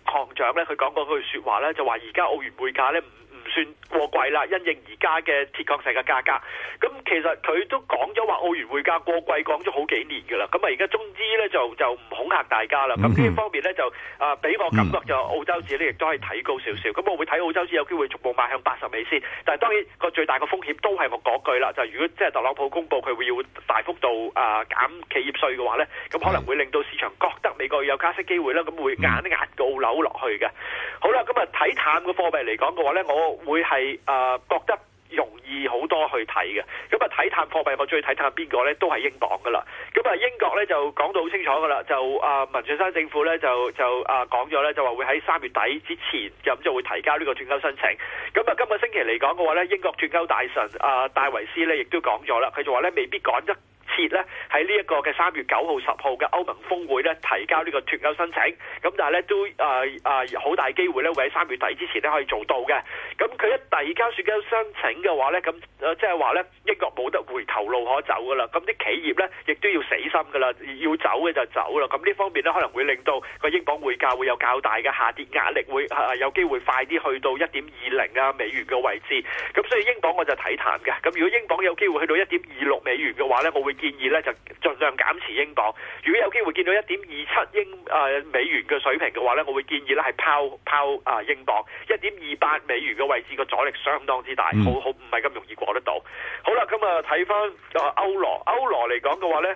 行長呢，佢講過句説話說價價呢，就話而家澳元匯價呢。唔。算過貴啦，因應而家嘅鐵礦石嘅價格。咁其實佢都講咗話澳元匯價過貴，講咗好幾年噶啦。咁啊，而家中資咧就就唔恐嚇大家啦。咁呢方面咧就啊俾、呃、我感覺就、嗯、澳洲紙咧亦都可以睇高少少。咁我會睇澳洲紙有機會逐步邁向八十美先。但係當然個最大嘅風險都係我嗰句啦，就如果即係、就是、特朗普公布佢會要大幅度啊減、呃、企業稅嘅話咧，咁可能會令到市場覺得美國有加息機會啦，咁會壓一壓個樓落去嘅。嗯、好啦，咁啊睇淡嘅貨幣嚟講嘅話咧，我。會係誒、呃、覺得容易好多去睇嘅。咁啊睇探貨幣我最睇探邊個呢？都係英鎊噶啦，咁、嗯、啊英國呢，就講到好清楚噶啦，就啊民進山文翠珊政府呢，就就啊講咗呢，就話、呃、會喺三月底之前咁就，就會提交呢個脫歐申請，咁、嗯、啊、嗯、今個星期嚟講嘅話呢，英國脫歐大臣啊、呃、戴維斯呢，亦都講咗啦，佢就話呢，未必趕啫。設咧喺呢一個嘅三月九號十號嘅歐盟峰會呢，提交呢個脫歐申請，咁但係呢，都誒誒好大機會咧會喺三月底之前咧可以做到嘅。咁佢一遞交脫歐申請嘅話呢，咁即係話呢，英國冇得回頭路可走㗎喇。咁啲企業呢，亦都要死心㗎喇，要走嘅就走啦。咁呢方面咧可能會令到個英鎊匯價會有較大嘅下跌壓力，會有機會快啲去到一點二零啊美元嘅位置。咁所以英鎊我就睇淡嘅。咁如果英鎊有機會去到一點二六美元嘅話呢，我會，建議咧就盡量減持英鎊。如果有機會見到一點二七英誒、呃、美元嘅水平嘅話咧，我會建議咧係拋拋啊、呃、英鎊。一點二八美元嘅位置個阻力相當之大，嗯、好好唔係咁容易過得到。好啦，咁啊睇翻啊歐羅，歐羅嚟講嘅話咧。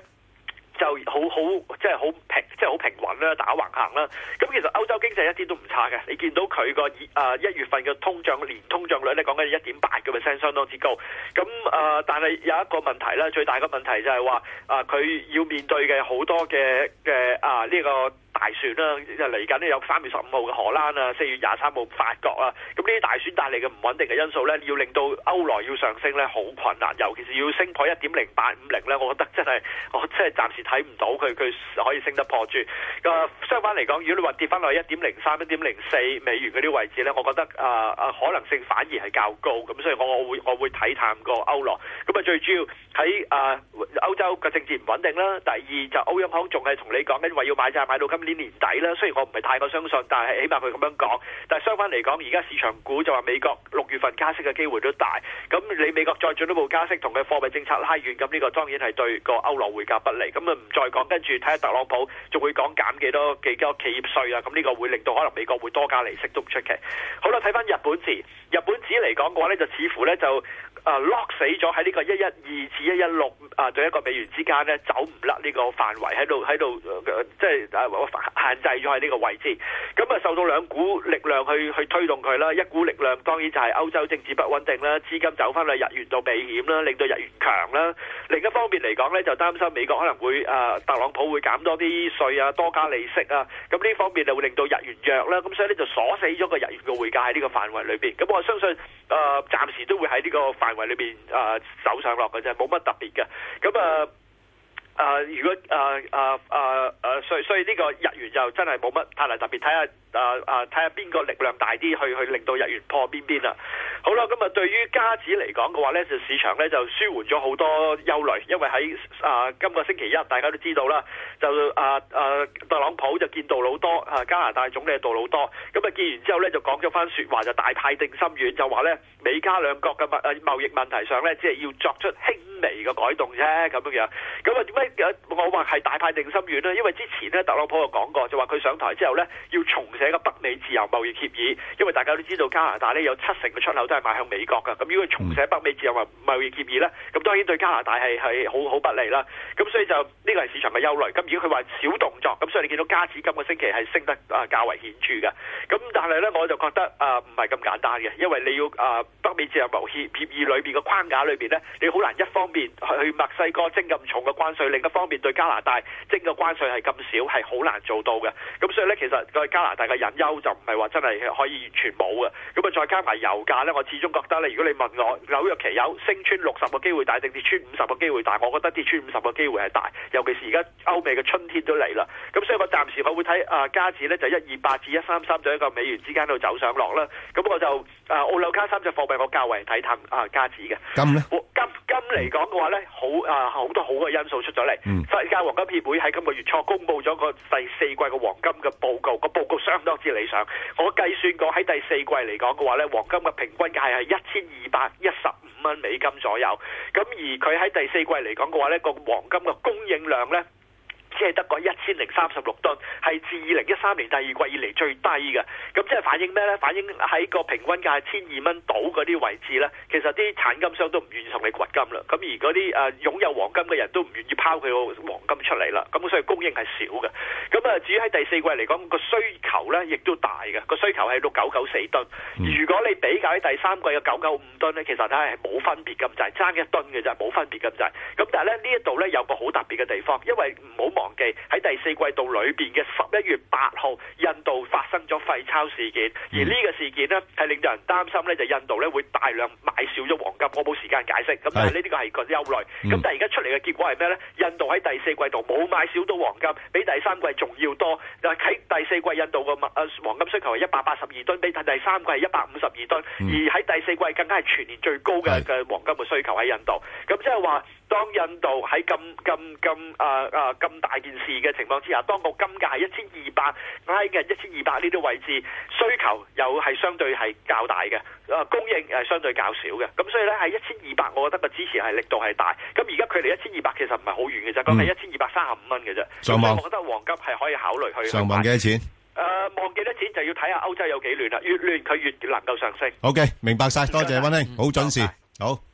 就好好即係好平，即係好平穩啦，打橫行啦。咁其實歐洲經濟一啲都唔差嘅，你見到佢個誒一月份嘅通脹年通脹率咧，講緊係一點八嘅 percent，相當之高。咁誒、呃，但係有一個問題啦，最大嘅問題就係話啊，佢、呃、要面對嘅好多嘅嘅啊呢、呢個。大選啦，即係嚟緊咧有三月十五號嘅荷蘭啊，四月廿三號法國啊，咁呢啲大選帶嚟嘅唔穩定嘅因素咧，要令到歐羅要上升咧，好困難。尤其是要升破一點零八五零咧，我覺得真係我真係暫時睇唔到佢佢可以升得破住。咁相反嚟講，如果你話跌翻落一點零三、一點零四美元嗰啲位置咧，我覺得啊啊可能性反而係較高。咁所以我我會我會睇探個歐羅。咁啊最主要喺啊歐洲嘅政治唔穩定啦。第二就歐央行仲係同你講緊話要買債買到今。今年年底啦，雖然我唔係太過相信，但係起碼佢咁樣講。但係相反嚟講，而家市場股就話美國六月份加息嘅機會都大。咁你美國再進一步加息，同佢貨幣政策拉遠，咁呢個當然係對個歐羅匯價不利。咁啊唔再講，跟住睇下特朗普仲會講減幾多幾多企業稅啊？咁呢個會令到可能美國會多加利息都唔出奇。好啦，睇翻日本字。日本紙嚟講嘅話呢，就似乎呢就。啊，lock 死咗喺呢個一一二至一一六啊，對、啊、一個美元之間咧走唔甩呢個範圍喺度喺度，即係、呃就是啊、限制咗喺呢個位置。咁、嗯、啊，受到兩股力量去去推動佢啦，一股力量當然就係歐洲政治不穩定啦，資金走翻去日元度避險啦，令到日元強啦。另一方面嚟講咧，就擔心美國可能會啊，特朗普會減多啲稅啊，多加利息啊，咁呢方面就會令到日元弱啦。咁、啊、所以咧就鎖死咗個日元嘅匯價喺呢個範圍裏邊。咁、嗯、我相信啊，暫時都會喺呢個範。為裏邊啊，走、呃、上落嘅啫，冇乜特別嘅，咁啊。呃誒、呃，如果誒誒誒誒，所所以呢個日元就真係冇乜太大特別，睇下誒誒，睇下邊個力量大啲去去令到日元破邊邊啦。好啦，咁啊，對於加紙嚟講嘅話咧，就市場咧就舒緩咗好多憂慮，因為喺啊、呃、今個星期一，大家都知道啦，就誒誒、呃呃、特朗普就見杜魯多啊，加拿大總理杜魯多，咁啊見完之後咧就講咗番説話，就大派定心丸，就話咧美加兩國嘅貿誒貿易問題上咧，只係要作出輕微嘅改動啫咁樣樣，咁啊點解？我話係大派定心丸啦，因為之前咧特朗普就講過，就話佢上台之後咧要重寫個北美自由貿易協議，因為大家都知道加拿大咧有七成嘅出口都係賣向美國噶，咁如果佢重寫北美自由貿易協議咧，咁當然對加拿大係係好好不利啦。咁所以就呢個係市場嘅憂慮。咁如果佢話小動作，咁所以你見到加指今個星期係升得啊較為顯著嘅。咁但係咧我就覺得啊唔係咁簡單嘅，因為你要啊北美自由貿易協議裏邊嘅框架裏邊咧，你好難一方面去墨西哥徵咁重嘅關稅。另一方面對加拿大徵嘅關稅係咁少係好難做到嘅，咁所以呢，其實對加拿大嘅隱憂就唔係話真係可以完全冇嘅。咁啊再加埋油價呢，我始終覺得呢，如果你問我紐約期油升穿六十嘅機會大定跌穿五十嘅機會大？我覺得跌穿五十嘅機會係大，尤其是而家歐美嘅春天都嚟啦。咁所以我暫時我會睇啊加紙呢，就一二八至一三三就一個美元之間度走上落啦。咁我就。啊，澳紐卡三隻貨幣我較為睇淡啊，加紙嘅金咧呢，金金嚟講嘅話咧，好啊，好多好嘅因素出咗嚟。嗯，世界黃金協會喺今個月初公布咗個第四季嘅黃金嘅報告，個報告相當之理想。我計算過喺第四季嚟講嘅話咧，黃金嘅平均價係一千二百一十五蚊美金左右。咁而佢喺第四季嚟講嘅話咧，個黃金嘅供應量咧。只係得個一千零三十六噸，係自二零一三年第二季以嚟最低嘅。咁即係反映咩呢？反映喺個平均價千二蚊度嗰啲位置呢，其實啲產金商都唔願意同你掘金啦。咁而嗰啲誒擁有黃金嘅人都唔願意拋佢個黃金出嚟啦。咁所以供應係少嘅。咁啊，至於喺第四季嚟講，個需求呢亦都大嘅。個需求係到九九四噸。如果你比較喺第三季嘅九九五噸呢，其實睇係冇分別咁滯，爭一噸嘅啫，冇分別咁滯。咁但係咧呢一度呢，有個好特別嘅地方，因為唔好忘。忘記喺第四季度裏邊嘅十一月八號，印度發生咗廢鈔事件，而呢個事件呢，係令到人擔心呢就印度呢，會大量買少咗黃金。我冇時間解釋，咁但係呢啲係個憂慮。咁是但係而家出嚟嘅結果係咩呢？印度喺第四季度冇買少到黃金，比第三季仲要多。但喺第四季印度嘅黃金需求係一百八十二噸，比第三季係一百五十二噸，是而喺第四季更加係全年最高嘅嘅黃金嘅需求喺印度。咁即係話。當印度喺咁咁咁啊啊咁大件事嘅情況之下，當個金價係一千二百蚊嘅一千二百呢啲位置，需求又係相對係較大嘅，呃，供應係相對較少嘅，咁所以咧，喺一千二百，1, 我覺得個支持係力度係大。咁而家佢離一千二百其實唔係好遠嘅啫，佢係一千二百三十五蚊嘅啫。上望，我覺得黃金係可以考慮去。上望幾多錢？誒、呃，望幾多錢就要睇下歐洲有幾亂啦，越亂佢越能夠上升。OK，明白晒，多謝溫兄，好準時，嗯、好。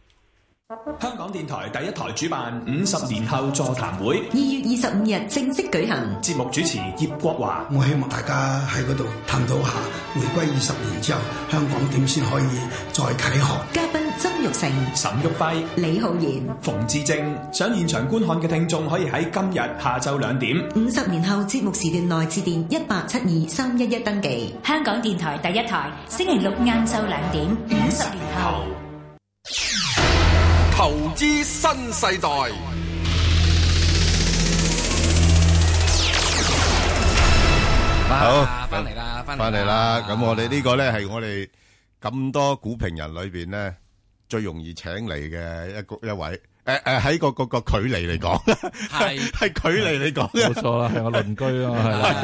香港電台第一台主辦五十年後座談會，二月二十五日正式舉行。節目主持葉國華，我希望大家喺嗰度探討下回歸二十年之後香港點先可以再啟航。嘉賓曾鈺成、沈玉輝、李浩然、馮志正。想現場觀看嘅聽眾可以喺今日下晝兩點五十年後節目時段內致電一八七二三一一登記。香港電台第一台，星期六晏晝兩點五十年後。投資新世代，好，翻嚟啦，翻嚟啦，咁、啊、我哋呢個咧係我哋咁多股評人裏邊咧最容易請嚟嘅一個一位。誒誒，喺個個個距離嚟講，係係距離嚟講嘅，冇錯啦，係我鄰居咯，係啦，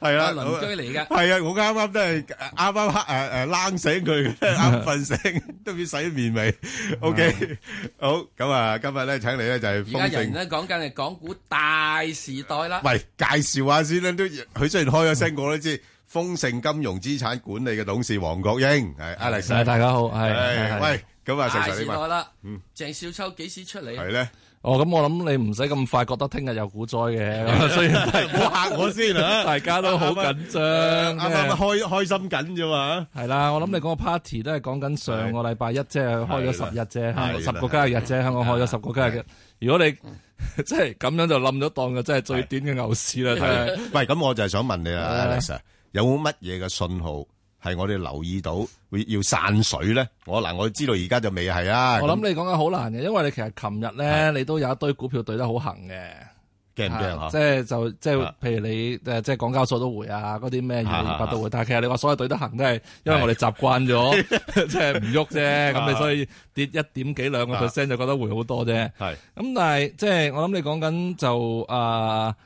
係啦，鄰居嚟嘅，係啊，我啱啱都係，啱啱黑誒誒，冷醒佢，啱瞓醒，都要洗面未？OK，好，咁啊，今日咧，請你咧就係而家人咧講緊係港股大時代啦，喂，介紹下先啦，都佢雖然開咗聲，我都知。豐盛金融資產管理嘅董事黃國英，係 Alex，大家好，係喂，咁啊，成成你問，時代啦，嗯，鄭少秋幾時出嚟係咧？哦，咁我諗你唔使咁快，覺得聽日有股災嘅，所以唔好吓我先啊！大家都好緊張，啱啱開開心緊咋嘛？係啦，我諗你講個 party 都係講緊上個禮拜一，即係開咗十日啫，十個交易日啫，香港開咗十個交易日。如果你即係咁樣就冧咗檔嘅，即係最短嘅牛市啦。喂，咁我就係想問你啊，Alex。有乜嘢嘅信號係我哋留意到會要散水咧？我嗱我知道而家就未係啊！我諗你講緊好難嘅，因為你其實琴日咧，你都有一堆股票對得好行嘅，驚唔驚？即係就即係譬如你即係港交所都回啊，嗰啲咩二零八都回。但係其實你話所有對得行都係，因為我哋習慣咗，即係唔喐啫。咁你所以跌一點幾兩個 percent 就覺得回好多啫。係咁，但係即係我諗你講緊就啊。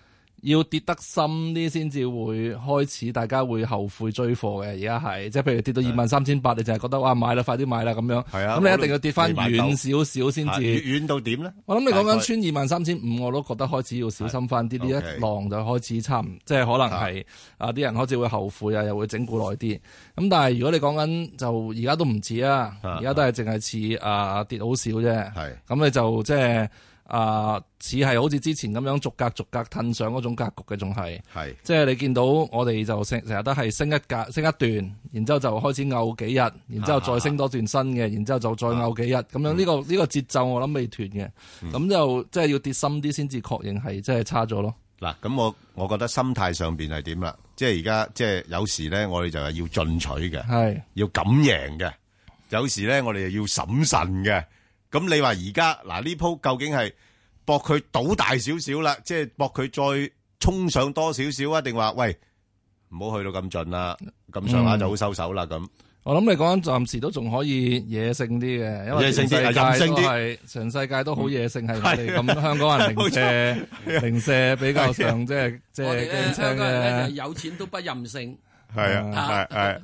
要跌得深啲先至會開始，大家會後悔追貨嘅。而家係即係譬如跌到二萬三千八，你就係覺得哇買啦，快啲買啦咁樣。係啊的，咁你一定要跌翻遠少少先至。遠到點咧？我諗你講緊穿二萬三千五，我都覺得開始要小心翻啲。啲、okay、一浪就開始差唔多，即係可能係啊啲人開始會後悔啊，又會整固耐啲。咁但係如果你講緊就而家都唔似啊，而家都係淨係似啊跌好少啫。係咁的 你就即係。啊，似係好似之前咁樣逐格逐格褪上嗰種格局嘅，仲係，係是，即係你見到我哋就成成日都係升一格升一段，然之後就開始拗幾日，然之後再升多段新嘅，啊啊啊然之後就再拗幾日，咁、啊啊、樣呢、呢個呢、呢個節奏我諗未斷嘅，咁、嗯、就即係要跌深啲先至確認係即係差咗咯。嗱、嗯，咁我我覺得心態上邊係點啦？即係而家即係有時咧，我哋就係要進取嘅，係，要敢贏嘅；有時咧，我哋又要審慎嘅。咁你話而家嗱，呢鋪究竟係搏佢賭大少少啦，即係搏佢再衝上多少少啊？定話喂，唔好去到咁盡啦，咁上下就好收手啦咁。我諗你講緊暫時都仲可以野性啲嘅，因為野性啲係任性啲，全世界都好野性係嚟，咁香港人零舍零舍比較上即係即係零舍嘅。有錢都不任性，係啊，係係。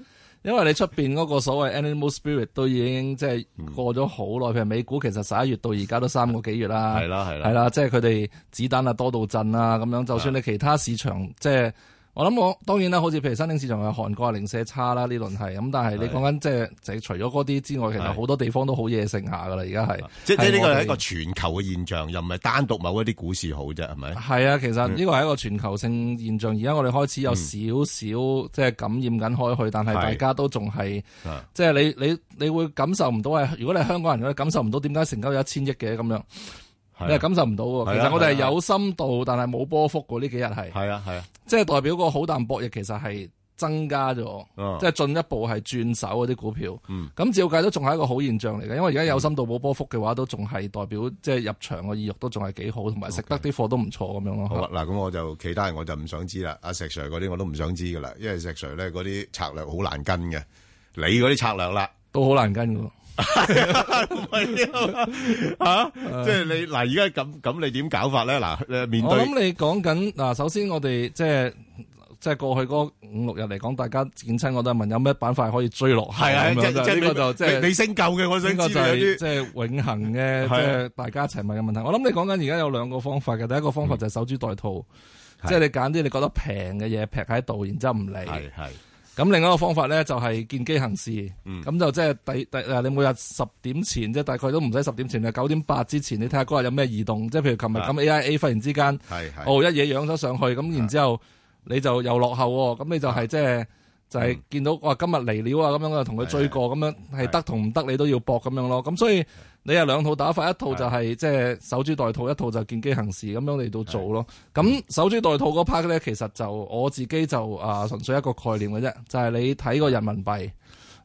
因為你出邊嗰個所謂 animal spirit 都已經即係過咗好耐，譬如美股其實十一月到而家都三個幾月啦，係啦係啦，係啦，即係佢哋子彈啊多到震啊咁樣，就算你其他市場，即係。我諗我當然啦，好似譬如新興市場嘅韓國零舍差啦，呢輪係咁，但係你講緊即係除咗嗰啲之外，其實好多地方都好野性下噶啦，而家係即係呢個係一個全球嘅現象，又唔係單獨某一啲股市好啫，係咪？係啊，其實呢個係一個全球性現象，而家我哋開始有少少即係感染緊開去，嗯、但係大家都仲係即係你你你，你會感受唔到係，如果你香港人咧感受唔到，點解成交有一千億嘅咁樣？你係感受唔到嘅，啊、其實我哋係有深度，啊、但係冇波幅嘅呢幾日係。係啊係啊，啊即係代表個好淡博弈其實係增加咗，嗯、即係進一步係轉手嗰啲股票。咁、嗯、照計都仲係一個好現象嚟嘅，因為而家有深度冇波幅嘅話，都仲係代表即係入場嘅意欲都仲係幾好，同埋食得啲貨都唔錯咁樣咯。好啦吧，嗱咁是我就其他人我就唔想知啦，阿、啊、石 Sir 嗰啲我都唔想知噶啦，因為石 Sir 咧嗰啲策略好難跟嘅，你嗰啲策略啦都好難跟嘅。 係啊，吓，即係你嗱，而家咁咁，你點搞法咧？嗱，面對我諗你講緊嗱，首先我哋即係即係過去嗰五六日嚟講，大家見親我都係問有咩板塊可以追落，係啊，即係即係你升夠嘅，我想呢個就係即係永恆嘅，即係大家一齊問嘅問題。我諗你講緊而家有兩個方法嘅，第一個方法就係守株待兔，即係、嗯、你揀啲你覺得平嘅嘢劈喺度，然之後唔理。咁另一個方法咧，就係見機行事。咁就、嗯、即係第第誒，你每日十點前即係大概都唔使十點前啦，九點八之前，你睇下嗰日有咩移動。即係譬如琴日咁 AIA 忽然之間，係係哦一嘢揚咗上去，咁然之後你就又落後喎。咁的你就係、是、的即係。就係見到我今日嚟料啊，咁樣我就同佢追過咁是的 樣係得同唔得，你都要搏，咁樣咯咁是的 所以你有兩套打法，一套就係即係守株待兔，一套就見機行事，咁樣嚟到做咯咁是的 守株待兔嗰 part 咧其實就我自己就啊純粹一個概念嘅啫，就係、是、你睇個人民幣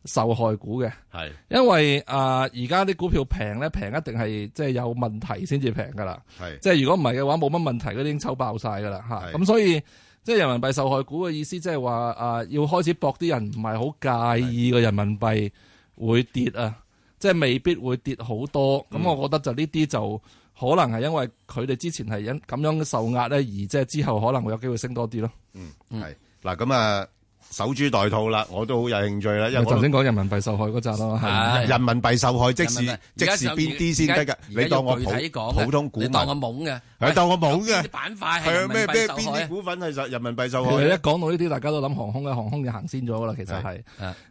受害股嘅係是的 因為啊而家啲股票平咧，平一定係即係有問題先至平噶啦，係即係如果唔係嘅話冇乜問題嗰啲已經抽爆晒噶啦，吓，咁所以。即係人民幣受害股嘅意思，即係話啊，要開始搏啲人唔係好介意個人民幣會跌啊，的即係未必會跌好多。咁、嗯、我覺得就呢啲就可能係因為佢哋之前係因咁樣嘅受壓咧，而即係之後可能會有機會升多啲咯。嗯，係。嗱咁啊。守株待兔啦，我都好有興趣啦，因為我頭先講人民幣受害嗰扎咯，係人民幣受害，即是即是邊啲先得㗎？你當我普普通股，你當我懵嘅，係當我懵嘅，板塊係咩咩，邊啲股份係人民幣受害？你一講到呢啲，大家都諗航空嘅，航空又行先咗㗎啦，其實係，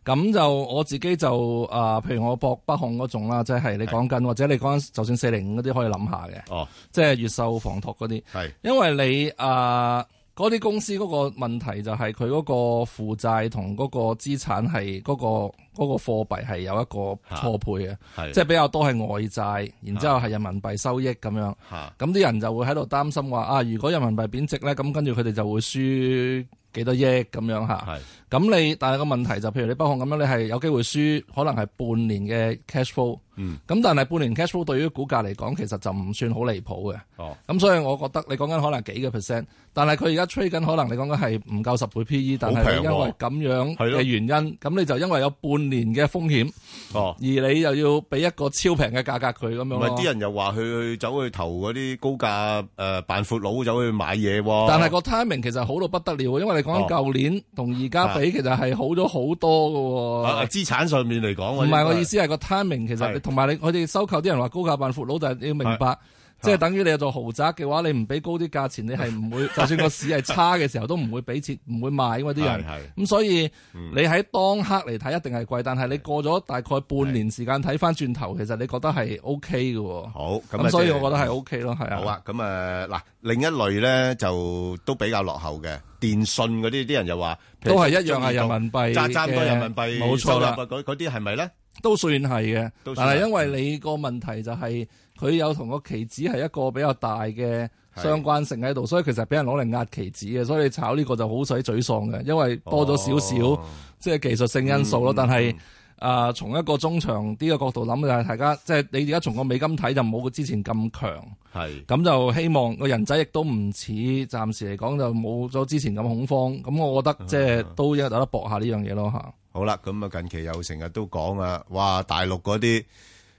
咁就我自己就啊，譬如我博北控嗰種啦，即係你講緊，或者你講緊就算四零五嗰啲可以諗下嘅，即係越秀房託嗰啲，係因為你啊。嗰啲公司嗰個問題就係佢嗰個負債同嗰個資產係嗰個嗰個貨幣係有一個錯配嘅，啊、即係比較多係外債，然之後係人民幣收益咁、啊、樣，咁啲人就會喺度擔心話啊，如果人民幣貶值咧，咁跟住佢哋就會輸幾多億咁樣嚇。咁的你但係個問題就是，譬如你包括咁樣，你係有機會輸可能係半年嘅 cash flow，咁、嗯、但係半年 cash flow 對於股價嚟講其實就唔算好離譜嘅。咁、哦、所以我覺得你講緊可能幾個 percent。但係佢而家吹緊，可能 PE，你講緊係唔夠十倍 PE，但係因為咁樣嘅原因，咁、啊、你就因為有半年嘅風險，哦、而你又要俾一個超平嘅價格佢咁樣，唔係啲人又話去走去，去投嗰啲高價誒扮、呃、闊佬走去買嘢喎。但係個 timing 其實好到不得了，因為你講緊舊年同而家比，其實係好咗好多嘅喎。啊，資產上面嚟講，唔係我意思係個 timing 其實同埋的你，你，我哋收購啲人話高價扮闊佬，但、就、係、是、你要明白的。即係等於你有座豪宅嘅話，你唔俾高啲價錢，你係唔會，就算個市係差嘅時候，都唔會俾錢，唔會賣嘅嘛啲人。咁所以你喺當刻嚟睇一定係貴，但係你過咗大概半年時間睇翻轉頭，其實你覺得係 O K 嘅。好，咁所以我覺得係 O K 咯，係啊。好啊，咁誒嗱，另一類咧就都比較落後嘅，電信嗰啲啲人就話，都係一樣係人民幣，揸揸咁多人民幣，冇錯啦。嗰啲係咪咧？都算係嘅，但係，因為你個問題就係。佢有同個期指係一個比較大嘅相關性喺度，所以其實俾人攞嚟壓期指嘅，所以炒呢個就好使沮喪嘅，因為多咗少少、哦、即係技術性因素咯。嗯、但係啊、呃，從一個中長啲嘅角度諗就係、是、大家即係你而家從個美金睇就冇之前咁強，係咁是就希望個人仔亦都唔似暫時嚟講就冇咗之前咁恐慌。咁我覺得即係、嗯、都有得搏下呢樣嘢咯。嚇，好啦，咁啊近期又成日都講啊，哇！大陸嗰啲。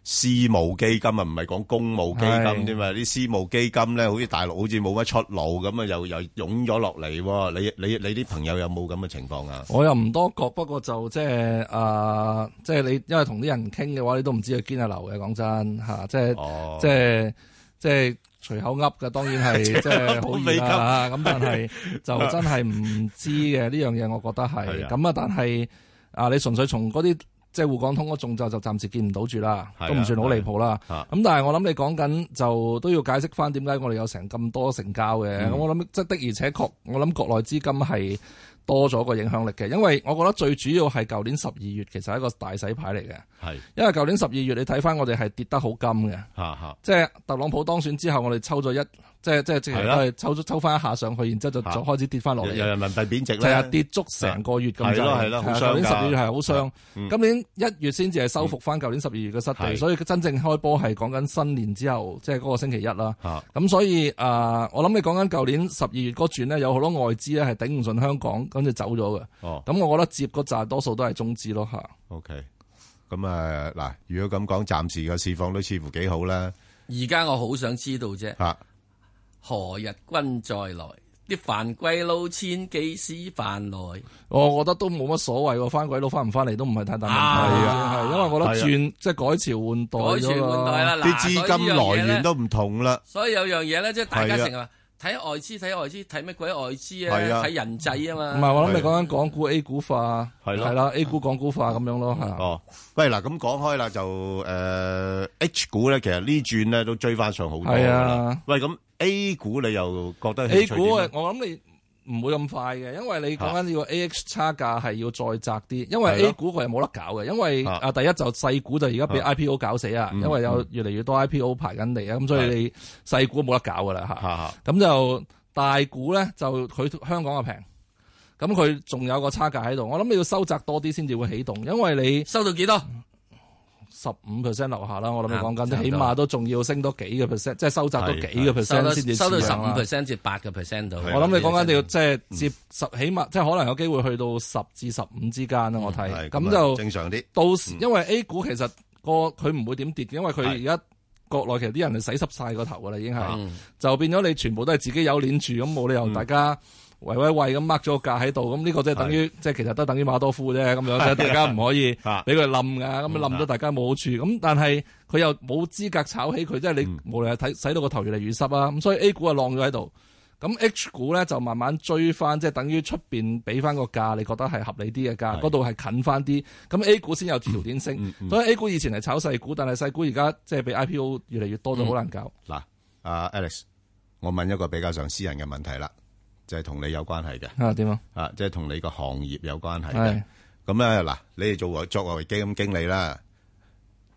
私募基金啊，唔係講公募基金啫嘛？啲的私募基金咧，好似大陸好似冇乜出路咁啊，又又湧咗落嚟。你你你啲朋友有冇咁嘅情況啊？我又唔多覺，不過就即係啊，即係你因為同啲人傾嘅話，你都唔知佢堅下流嘅。講真吓，即係即係即係隨口噏嘅，當然係即係好易啦。咁 但係就真係唔知嘅呢樣嘢， 我覺得係咁啊。的但係啊，你純粹從嗰啲。即係滬港通嗰重就就暫時見唔到住啦，都唔算好離譜啦。咁、啊啊、但係我諗你講緊就都要解釋翻點解我哋有成咁多成交嘅。咁、嗯、我諗即的而且確，我諗國內資金係多咗個影響力嘅，因為我覺得最主要係舊年十二月其實係一個大洗牌嚟嘅。係、啊，啊、因為舊年十二月你睇翻我哋係跌得好金嘅，啊啊、即係特朗普當選之後，我哋抽咗一。即係即係，直情係抽咗抽翻一下上去，然之後就就開始跌翻落嚟，人民幣貶值啦，係啊跌足成個月咁就係啦，上年十二月係好傷，嗯、今年一月先至係收復翻舊年十二月嘅失地，的所以真正開波係講緊新年之後，即係嗰個星期一啦。咁的所以誒、呃，我諗你講緊舊年十二月嗰轉呢，有好多外資咧係頂唔順香港，跟住走咗嘅。咁、哦、我覺得接嗰紮多數都係中資咯吓。OK，咁啊。嗱、呃，如果咁講，暫時嘅市況都似乎幾好啦。而家我好想知道啫。啊何日君再來？啲凡鬼撈千幾時翻來？我我覺得都冇乜所謂，翻鬼佬翻唔翻嚟都唔係太大問題，係因為我覺得轉即係改朝換代，改朝換代咗啦，啲資金來源都唔同啦。所以有樣嘢咧，即係大家成日話睇外資，睇外資，睇乜鬼外資啊？睇人仔啊嘛。唔係，我諗你講緊港股 A 股化，係啦，係啦，A 股港股化咁樣咯吓。哦，喂，嗱，咁講開啦，就誒 H 股咧，其實呢轉咧都追翻上好多啦。喂，咁。A 股你又覺得 A 股我諗你唔會咁快嘅，因為你講緊呢個 A X 差價係要再窄啲，因為 A 股佢係冇得搞嘅，因為啊第一就細股就而家俾 I P O 搞死啊，因為有越嚟越多 I P O 排緊嚟啊，咁所以你細股冇得搞噶啦吓，咁的就大股咧就佢香港啊平，咁佢仲有個差價喺度，我諗你要收窄多啲先至會起動，因為你收到幾多？十五 percent 樓下啦，我諗你講緊都起碼都仲要升多幾個 percent，即係收窄多幾個 percent 先至收到十五 percent 至八個 percent 度。我諗你講緊你要即係接十起碼，即係可能有機會去到十至十五之間啦。我睇咁對就正常啲。到時因為 A 股其實個佢唔會點跌，因為佢而家國內其實啲人係洗濕晒個頭噶啦，已經係、嗯、就變咗你全部都係自己有鏈住咁，冇理由大家。嗯喂喂喂咁，掹咗個價喺度，咁呢個即係等於即係其實都等於馬多夫啫咁樣，即 大家唔可以俾佢冧噶，咁冧咗大家冇好處。咁但係佢又冇資格炒起佢，嗯、即係你無論係睇使到個頭越嚟越濕啦。咁所以 A 股啊，晾咗喺度。咁 H 股咧就慢慢追翻，即係等於出邊俾翻個價，你覺得係合理啲嘅價，嗰度係近翻啲。咁 A 股先有條件升。嗯嗯嗯、所以 A 股以前係炒細股，但係細股而家即係俾 IPO 越嚟越多咗，好難搞嗱。阿、嗯啊、Alex，我問一個比較上私人嘅問題啦。就係同你有關係嘅啊，點啊啊即係同你個行業有關係嘅咁咧嗱，你哋做作為基金經理啦。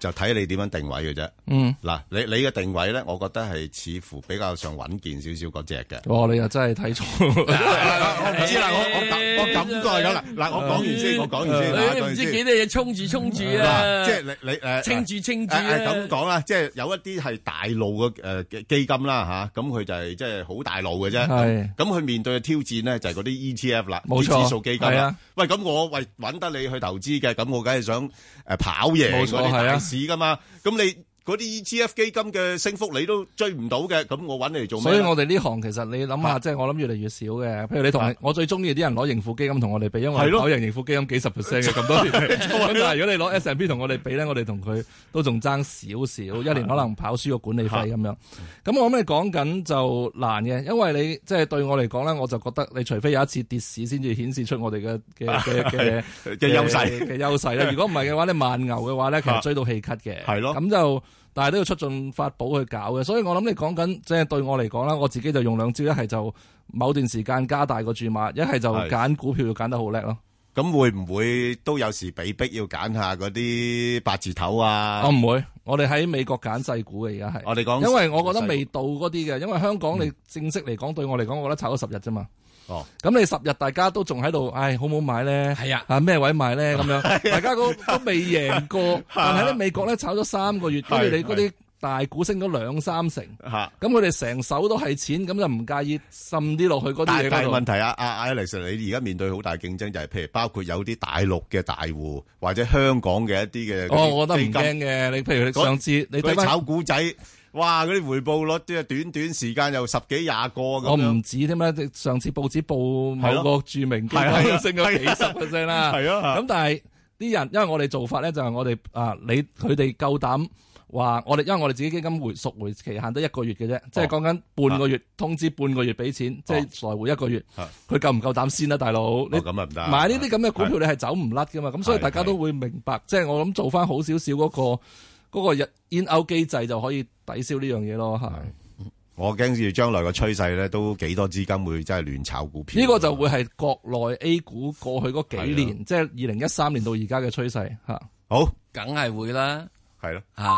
就睇你點樣定位嘅啫。嗯，嗱，你你嘅定位咧，我覺得係似乎比較上穩健少少嗰隻嘅。哦，你又真係睇錯。我唔知嗱，我我感我感覺咗啦。嗱，我講完先，我講完先。你唔知幾多嘢衝住衝住啊？即係你你誒。清住清住。係咁講啦，即係有一啲係大路嘅誒基金啦嚇，咁佢就係即係好大路嘅啫。係。咁佢面對嘅挑戰咧，就係嗰啲 ETF 啦，指數基金啦。喂，咁我為揾得你去投資嘅，咁我梗係想誒跑贏嗰啲大市。止噶嘛？咁你。嗰啲 ETF 基金嘅升幅你都追唔到嘅，咁我揾你做咩？所以我哋呢行其實你諗下，即係我諗越嚟越少嘅。譬如你同我最中意啲人攞盈富基金同我哋比，因為跑贏盈富基金幾十 percent 嘅咁多年。但如果你攞 S&P 同我哋比咧，我哋同佢都仲爭少少，一年可能跑輸個管理費咁樣。咁我諗你講緊就難嘅，因為你即係對我嚟講咧，我就覺得你除非有一次跌市先至顯示出我哋嘅嘅嘅嘅嘅優勢嘅優勢啦。如果唔係嘅話咧，慢牛嘅話咧，其實追到氣咳嘅。係咯，咁就。但係都要出盡法寶去搞嘅，所以我諗你講緊即係對我嚟講啦，我自己就用兩招，一係就某段時間加大個注碼，一係就揀股票就揀得好叻咯。咁會唔會都有時被逼迫要揀下嗰啲八字頭啊？我唔、哦、會，我哋喺美國揀細股嘅而家係。我哋、哦、講，因為我覺得未到嗰啲嘅，因為香港你正式嚟講、嗯、對我嚟講，我覺得炒咗十日啫嘛。哦，咁你十日大家都仲喺度，唉、哎，好唔好買咧？係是啊，啊，啊咩位買咧？咁樣，大家是、啊、都未贏過，但係咧美國咧炒咗三個月，所以是、啊、你嗰啲大股升咗兩三成，吓，咁佢哋成手都係錢，咁就唔介意滲啲落去嗰啲。但係個問題啊，阿 Alex，你而家面對好大競爭，就係譬如包括有啲大陸嘅大戶，或者香港嘅一啲嘅、哦、我我覺得唔驚嘅，你譬如你上次那你都看炒股仔。哇！嗰啲回報率都係短短時間又十幾廿個，咁我唔止添啦，上次報紙報某個著名基金升咗幾十 percent 啦，係咯。咁但係啲人，因為我哋做法咧就係我哋啊，你佢哋夠膽話我哋，因為我哋自己基金回贖回期限得一個月嘅啫，即係講緊半個月通知，半個月俾錢，即係來回一個月，佢夠唔夠膽先啦，大佬？你咁啊唔得。買呢啲咁嘅股票你係走唔甩噶嘛，咁所以大家都會明白，即係我諗做翻好少少嗰個。嗰個 in-out 機制就可以抵消呢樣嘢咯，係。我驚住將來嘅趨勢咧，都幾多資金會真係亂炒股票。呢個就會係國內 A 股過去嗰幾年，的即係二零一三年到而家嘅趨勢嚇。好，梗係會啦。係咯的，嚇。